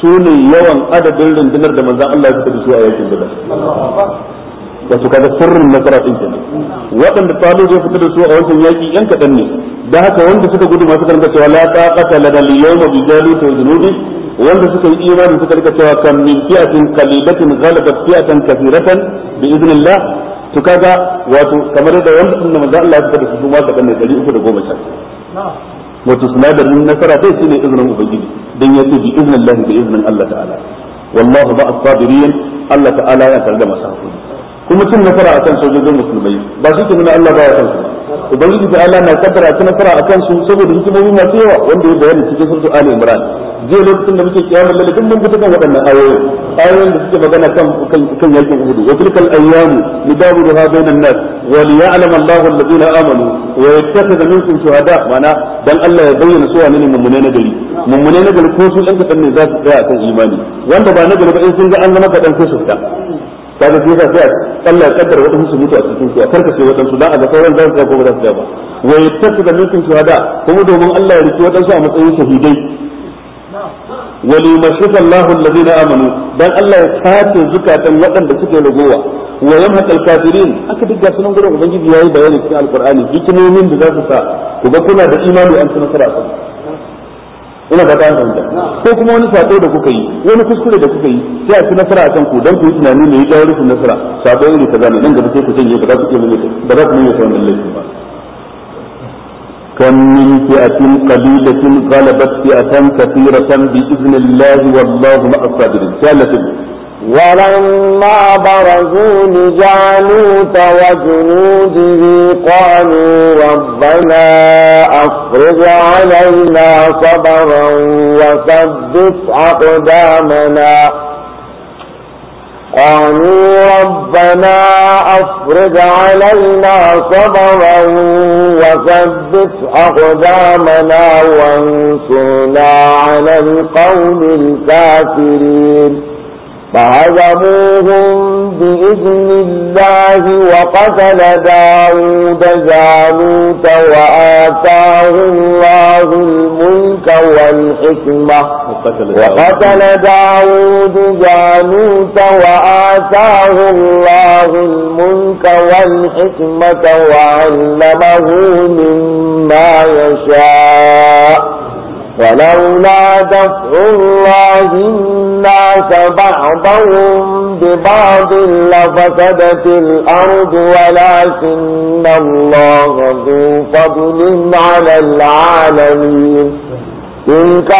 sune yawan adadin rundunar da manzon Allah ya fita da su a yakin badar wato kaga sirrin nasara din kenan waɗanda talib ya fita da su a wancan yaƙi yan kaɗan ne da haka wanda suka gudu masu karanta cewa la taqata lana al-yawma bi jalut wa junubi wanda suka yi imani suka rika cewa kam min fi'atin qalibatin ghalabat fi'atan kathiratan bi idnillah to kaga wato kamar da wanda sunna manzo Allah ya fita da su ma kaɗan ne 310 wato sinadarin nasara sai shine izinin ubangiji dan yace bi iznin Allah da iznin Allah ta'ala wallahu ba as-sabirin Allah ta'ala ya tare da masu hakuri kuma cin nasara akan sojojin musulmai ba su ke nuna Allah ba ya su ubangiji ta Allah na kaddara cin nasara akan su saboda hikimomi masu yawa wanda ya bayyana cikin suratul ali imran jiya lokacin da muke kiyamar lalle duk mun fita kan waɗannan ayoyin ayoyin da suke magana kan kan kan yakin uhud wa tilkal ayyamu nudawiluha bainan nas wa liya'lama Allahu alladhina amanu wa yattakhidha minkum shuhada mana dan Allah ya bayyana su wani ne mummune na gari mummune na gari ko su ɗan kaɗan ne za su tsaya akan imani wanda ba na gari ba in sun ga an zama kaɗan sai kaga sai yasa sai Allah ya kaddar wadansu su mutu a cikin su a karkace wadansu dan a ga sauran zan tsaya ko ba za su tsaya ba wa yattaka minkum shuhada kuma domin Allah ya riki wadansu a matsayin shahidai wa li yumashshika Allahu alladhina amanu dan Allah ya kace zukatan wadanda suke ragowa wa yamhaq al-kafirin aka diga sunan gurin ubangiji yayi bayani cikin alqur'ani hikimomin da za su sa ku ga kuna da imani an tsara ina ba ta fahimta ko kuma wani sako da kuka yi wani kuskure da kuka yi sai a ci nasara a kan ku dan ku yi tunani mai jawo rufin nasara sako ne ta ne nan gaba sai ku janye ba za ku yi ba za ku iya wannan laifin ba كم من فئة قليلة غلبت فئة كثيرة بإذن الله والله مع الصابرين. ولما برزوا لجالوت وجنوده قالوا ربنا أفرج علينا صبرا وثبت أقدامنا قالوا ربنا أفرج علينا صبرا وثبت أقدامنا وانصرنا على القوم الكافرين فهزموهم بإذن الله وقتل داود جالوت وآتاه الله الملك والحكمة وقتل داود جالوت وآتاه الله الملك والحكمة وعلمه مما يشاء ولولا دفع الله الناس بعضهم ببعض لفسدت الأرض ولكن الله ذو فضل على العالمين تلك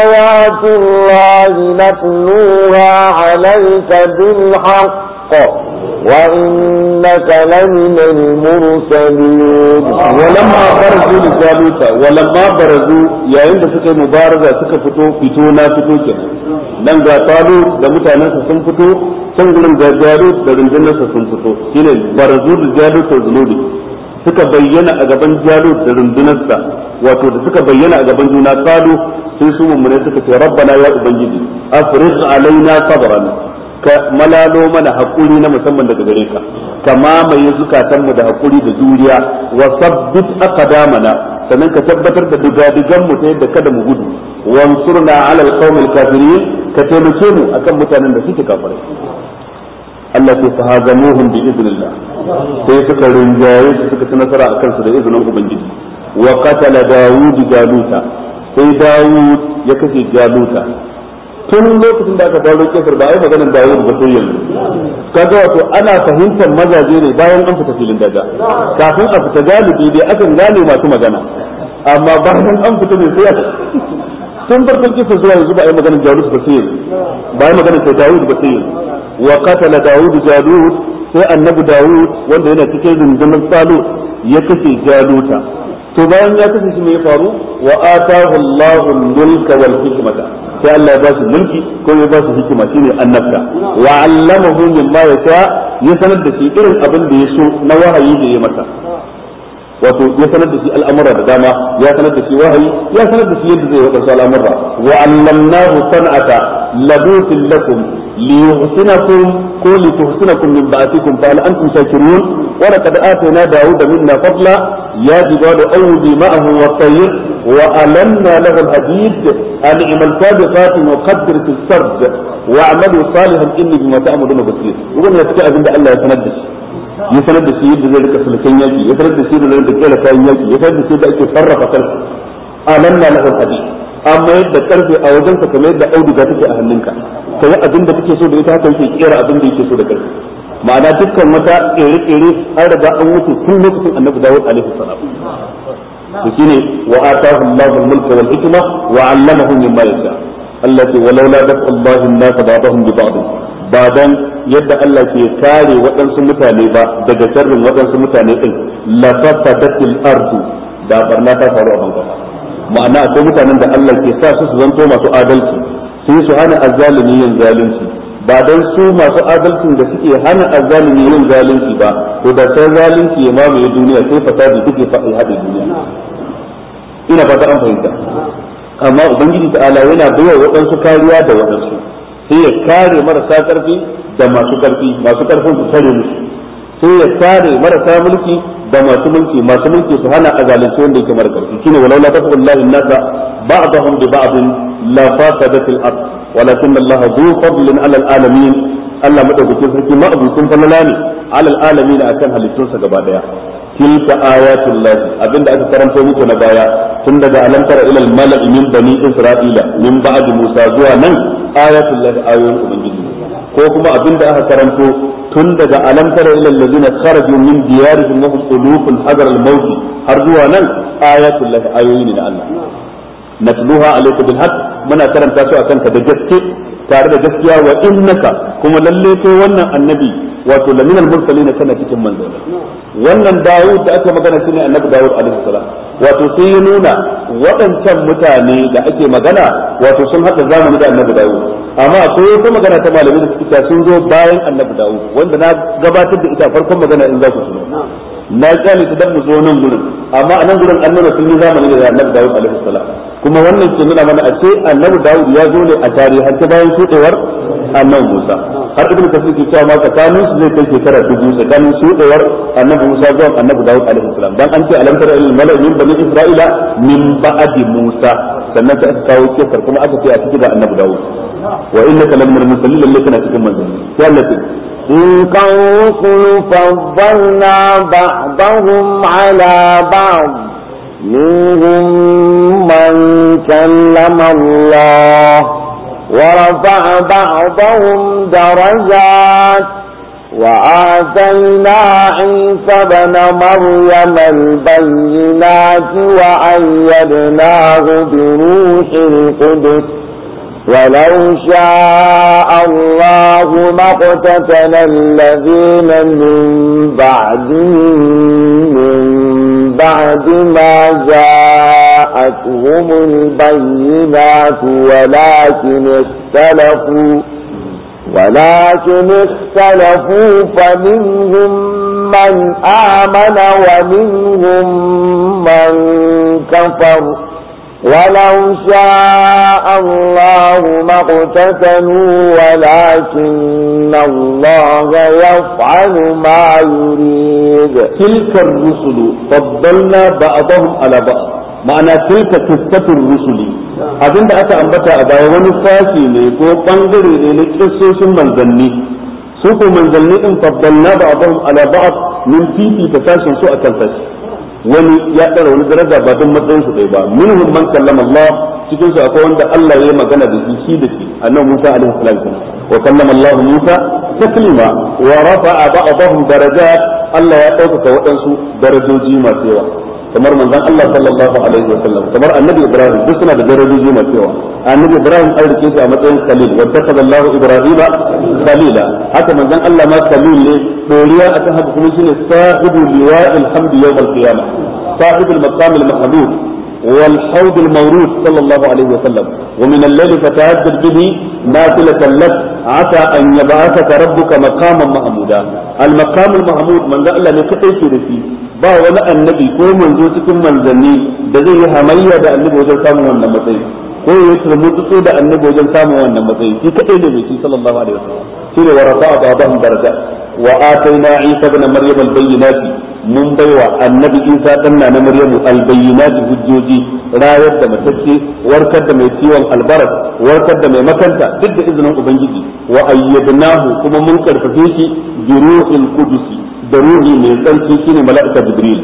آيات الله نتلوها عليك بالحق وإنك لمن المرسلين ولما برزوا لجالوت ولما برزوا يا عند سكة مبارزة سكة فتو فتونا فتو كنا nan ga talu da mutanensa sun fito can gurin ga jalut da rundunarsa sun fito shine barzu da jalut da zunubi suka bayyana a gaban jalut da rundunarsa wato da suka bayyana a gaban juna talu sai su mummune suka ce rabbana ya ubangiji afrigh alaina sabran ka malalo mana hakuri na musamman daga gare ka ka mamaye zukatan mu da hakuri da juriya wa sabbit aqdamana sannan ka tabbatar da digadigan mu ta yadda kada mu gudu wansurna ala alqawmil kafirin ka taimake mu akan mutanen da suke kafare. Allah sai fa hazamuhum bi idnillah sai suka rinjaye su suka ci nasara akan su da izinin ubangiji wa qatala daud galuta sai daud ya kashe jaluta tun lokacin da aka faro kisar ba a ai maganar Dawud ba sai yanzu kaga wato ana fahimtar mazaje ne bayan an fita filin daga kafin a fita galibi dai akan gane masu magana amma bayan an fita ne sai tun farkon kisa zuwa yanzu ba a ai maganin Dawud ba sai yanzu ba yi maganin sai Dawud ba sai yanzu wa qatala Dawud Jalut sai annabi Dawud wanda yana cikin rundunar Salut ya kace Jaluta to bayan ya kace shi me faru wa atahu Allahu mulka wal hikmata sai Allah ya ba su mulki ko ya ba su hikima shine annabta wa allamahu mimma yasha ya sanar da shi irin abin da ya so na wahayi da ya mata wato ya sanar da shi al'amura da dama ya sanar da shi wahayi ya sanar da shi yadda zai wadansu al'amura wa allamnahu san'ata labutin lakum liyuhsinakum ko lituhsinakum min ba'atikum fa hal antum shakirun wa laqad atayna dawuda minna fadla ya jibadu awdi ma'ahu wa tayr وألنا له الحديد الإم السابقات وقدر في السرد واعملوا صالحا إني بما تعملون بصير يقول لك أبن الله يتندس يتندس يد ذلك سلسين يجي يتندس يد ذلك كيلة كاين يجي يتندس يد ذلك فرق كلفه ألنا له الحديد amma yadda karfe a wajensa kamar yadda auduga take a hannunka kai abin da da ita haka yake kera yake so da karfe ma'ana dukkan wata iri-iri tsere an riga an wuce tun lokacin annabi dawud alaihi salam to shine wa atahu Allahu al-mulka wal hikma wa 'allamahu mimma dan yadda Allah ke kare waɗansu mutane ba daga sharrin waɗansu mutane din la fatatil mutanen da Allah ke sa su su zanto masu adalci sai su yin zalunci ba dan su masu adalcin da suke hana azzalimi yin zalunci ba to da sai zalunci ya mamaye duniya sai fasadi duke fa'i haɗe duniya ina ta an fahimta amma ubangiji ta'ala yana baiwa waɗansu kariya da waɗansu sai ya kare marasa ƙarfi da masu ƙarfi masu ƙarfin su kare musu sai ya kare marasa mulki da masu mulki masu mulki su hana azalunci wanda yake mara ƙarfi shine walau la taqul lahu nasa ba'dahum bi ba'din la fasadatil ard walakin Allah zu fadlin alal alamin Allah madaukakin sarki ma abukin falala ne alal alamin akan halittunsa gaba daya tilka ayatul lahi abinda aka karanto muku na baya tun daga alam tara ila min bani isra'ila min ba'd musa zuwa nan ayatul lahi ayoyin ko kuma abinda aka karanto tun daga alam tara ila allazina kharaju min diyarihim wa hum ulufun hadar al mawt har zuwa nan ayatul lahi ne na Allah natluha alayka bil haqq muna karanta su a kanta da gaske tare da gaskiya wa innaka kuma lalle kai wannan annabi wato laminal mursalin kana cikin manzoni wannan Dawud da aka magana shine annabi Dawud alaihi salam wato sai ya nuna waɗancan mutane da ake magana wato sun haɗa zamani da annabi Dawud amma akwai wata magana ta malamai da suka sun zo bayan annabi Dawud wanda na gabatar da ita farkon magana in za ku tuno na kyale ta nan gurin amma a nan an nuna zamani da kuma wannan ke nuna mana a ce annabi Dawud ya zo ne a tarihi ta bayan shudewar annabi Musa har ibn Kasir ke cewa ma tsakanin su zai kai shekara dubu tsakanin shudewar annabi Musa zuwa annabi Dawud alaihi salam dan an ce alam tara ilal mala'i min bani Isra'ila min ba'di Musa sannan ta aka kawo kisar kuma aka ce a cikin annabi Dawud wa innaka lamin musallil lalle kana cikin manzanni sai Allah ya تلك الرسل فضلنا بعضهم على بعض منهم من كلم الله ورفع بعضهم درجات وآتينا عيسى بن مريم البينات وأيدناه بروح القدس ولو شاء الله ما اقتتل الذين من بعدهم من بعد ما جاءتهم البينات ولكن اختلفوا ولكن اختلفوا فمنهم من آمن ومنهم من كفر ولو شاء الله ما اقتتلوا ولكن الله يفعل ما يريد تلك الرسل فضلنا بعضهم على بعض ma'ana tilka kistatun rusuli abinda aka ambata a baya wani sashi ne ko bangare ne na kissoshin manzanni su ko manzanni din faddalna ba'dhum ala ba'd min fifi ta sashin su akan sashi wani ya ɗara wani daraja ba don matsayin su ɗaya ba minhum man kallama Allah cikin su akwai wanda Allah ya magana da shi shi da shi annabi Musa alaihi salam wa kallama Allah Musa taklima wa rafa'a ba'dahum darajat Allah ya ɗaukaka waɗansu darajoji masu yawa kamar manzon Allah sallallahu alaihi wasallam kamar annabi Ibrahim duk suna da darajoji masu yawa annabi Ibrahim an rike shi a matsayin khalil wa takadallahu ibrahima khalila haka manzon Allah ma khalil ne doriya akan haka kuma shine sahibu liwa'il hamdi yawm al-qiyamah sahibul maqam al-mahmud والحوض المورود صلى الله عليه وسلم ومن الليل فتهجد به نافلة لك عسى أن يبعثك ربك مقاما محمودا المقام المحمود من ذا الله نكتئ في ba wani annabi ko manzo cikin manzanni da zai yi hamayya da annabi wajen samun wannan ko ya turmu tutsu da annabi wajen samun wannan matsayi shi kadai ne shi sallallahu alaihi wasallam shine wa rafa'a ba'dahum daraja wa atayna isa maryam mun baiwa annabi Isa dan na Maryamu albayyinati hujjoji rayar da matacce warkar da mai ciwon albaras warkar da mai makanta duk da izinin ubangiji wa ayyadnahu kuma mun karfafe shi bi ruhil qudusi da ruhi mai tsarki shine mala'ika jibril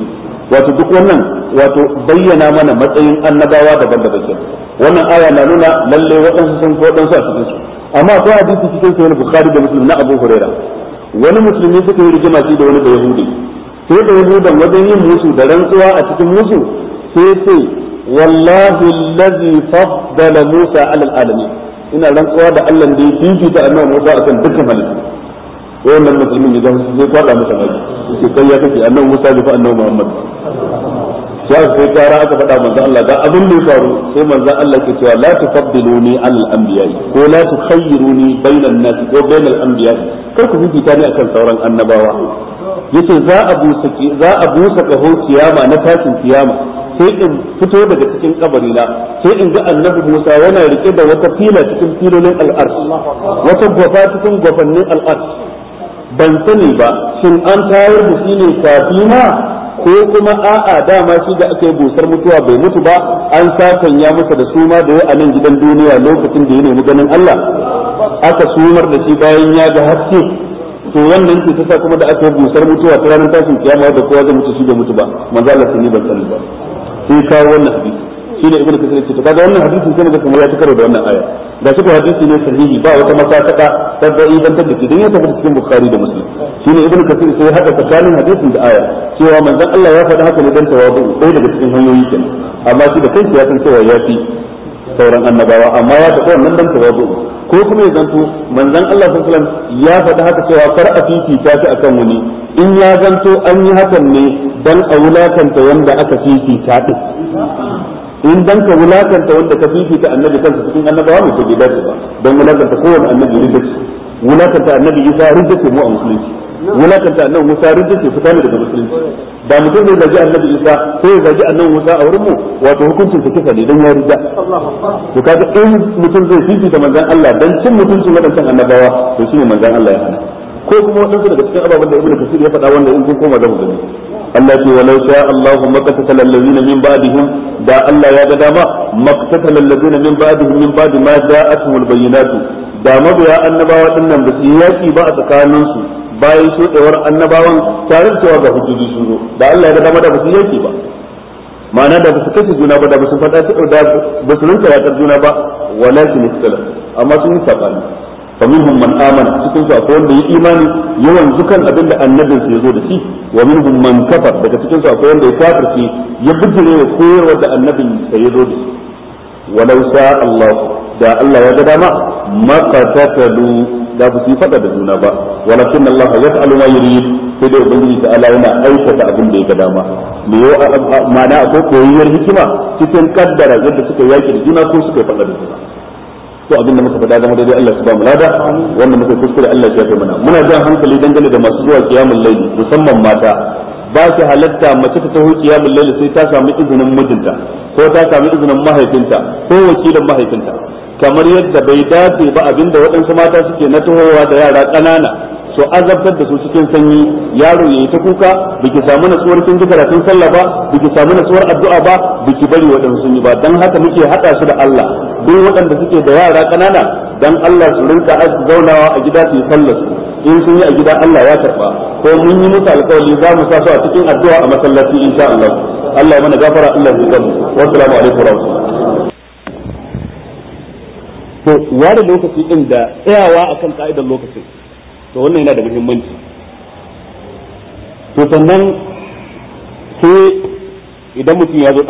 wato duk wannan wato bayyana mana matsayin annabawa daban-daban kenan wannan aya na nuna lalle waɗansu sun ko waɗansu a cikin su amma ko hadisi cikin sahih bukhari da muslim na abu huraira wani musulmi suka yi rigima shi da wani yahudi sai da yahuda da yin musu da rantsuwa a cikin musu sai sai wallahi allazi faddala musa alal alami ina rantsuwa da Allah da ya fifita annabi Musa akan dukkan halittu wannan musulmin ya zama sai kwada masa baki sai kai ya kace annabi Musa ya fa annabi Muhammad sai sai kara aka faɗa manzo Allah da abin da ya faru sai manzo Allah ke cewa la tufaddiluni alal anbiya ko la tukhayyiruni bainan nas ko bainal anbiya kar ku fifita ni akan sauran annabawa yace za a busa za a busa kaho kiyama na tashin kiyama sai in fito daga cikin kabari na sai in ga annabi Musa yana rike da wata fila cikin filolin al'arsh wata gwafa cikin gwafannin al'arsh ban sani ba shin an tayar da shi ne kafina ko kuma a'a dama shi da aka yi busar mutuwa bai mutu ba an sakan ya masa da suma da a nan gidan duniya lokacin da ya nemi ganin Allah aka sumar da shi bayan ya ga haske to wannan yake ta sa kuma da aka busar mutuwa ta ranar tashin kiyama da kowa zai mutu shi bai mutu ba manzo Allah sai ban ba sai kawo wannan hadisi shi ne ibnu kasir ce to kaga wannan hadisin sai ga kuma ya ta karo da wannan aya ga shi ko hadisi ne sahihi ba wata masaka ta da idan ta dace dan ya ta cikin bukhari da muslim shi ne ibnu kasir sai haka tsakanin hadisin da aya cewa manzon Allah ya faɗa haka ne dan tawadu ɗaya daga cikin hanyoyi ke amma shi da kai ya san cewa ya fi sauran annabawa amma ya tafi wannan dan tawadu ko kuma ya zanto manzan Allah sallallahu alaihi ya faɗi haka cewa kar a fifita ta akan wani in ya zanto an yi hakan ne dan a wulakanta wanda aka fifita din in dan ka wulakanta wanda ka fifita annabi kansa cikin annabawa ne to bai dace ba dan wulakanta kowanne annabi ridda wulakanta annabi Isa ridda mu a musulunci wulakanta annabi Musa rinjin ce fita ne daga musulunci da mutum zai zagi annabi Isa ko ya zagi annabi Musa a wurin mu wato hukuncin ta kisa ne dan ya rija to kaga in mutum zai fifita manzan Allah dan cin mutuncin wadancan annabawa to shine manzan Allah ya hana ko kuma waɗansu daga cikin ababen da ibnu kasir ya faɗa wanda in kun koma za mu gani Allah ce walau sha Allahu maqtatal ladina min ba'dihim da Allah ya ga dama maqtatal ladina min ba'dihim min ba'di ma ja'atuhum bayyinatu da mabiya annabawa dinnan ba su yaki ba a tsakaninsu bayan shuɗewar annabawan tare da cewa ga hujjoji sun zo da Allah ya ga dama da ba su yake ba ma'ana da ba su kashe juna ba da ba su faɗa da ba su rinka yaƙar juna ba walakin ikhtala amma sun yi sabani fa minhum man amana cikin su akwai wanda ya imani yawan zukan abin da annabin su yazo da shi wa minhum man kafar daga cikin su akwai wanda ya kafirce ya bijire ya koyarwa da annabin ya zo da shi walau sha Allah da Allah ya ga dama maqatatalu da ba su yi fada da juna ba walakin Allah yaf'alu ma yurid sai dai ubangiji ta ala yana aikata abin da ya ga dama me yau ma'ana akwai koyiyar hikima cikin kaddara yadda suka yaki da juna ko suka fada da juna to abin da muka faɗa da madadi Allah subhanahu wa lada wanda muka kuskure Allah ya kai mana muna jan hankali dangane da masu zuwa kiyamul laili musamman mata ba su halatta mace ta taho kiyamul laili sai ta samu izinin mijinta ko ta samu izinin mahaifinta ko wakilin mahaifinta kamar yadda bai dace ba abinda waɗansu mata suke na tahowa da yara ƙanana su azabtar da su cikin sanyi yaro yayi ta kuka biki samu natsuwar kin ji karatun sallah ba biki samu natsuwar addu'a ba biki bari waɗansu ba dan haka muke haɗa su da Allah duk waɗanda suke da yara ƙanana dan Allah su rinka zaunawa a gida su yi in sun yi a gida Allah ya karba ko mun yi musu alƙawari za mu sa su a cikin addu'a a masallaci insha Allah Allah ya mana gafara Allah ya gamu assalamu alaikum wa rahmatullahi to ware lokaci din da tsayawa akan ka'idar lokacin to wannan yana da muhimmanci to sannan sai idan mutum ya zo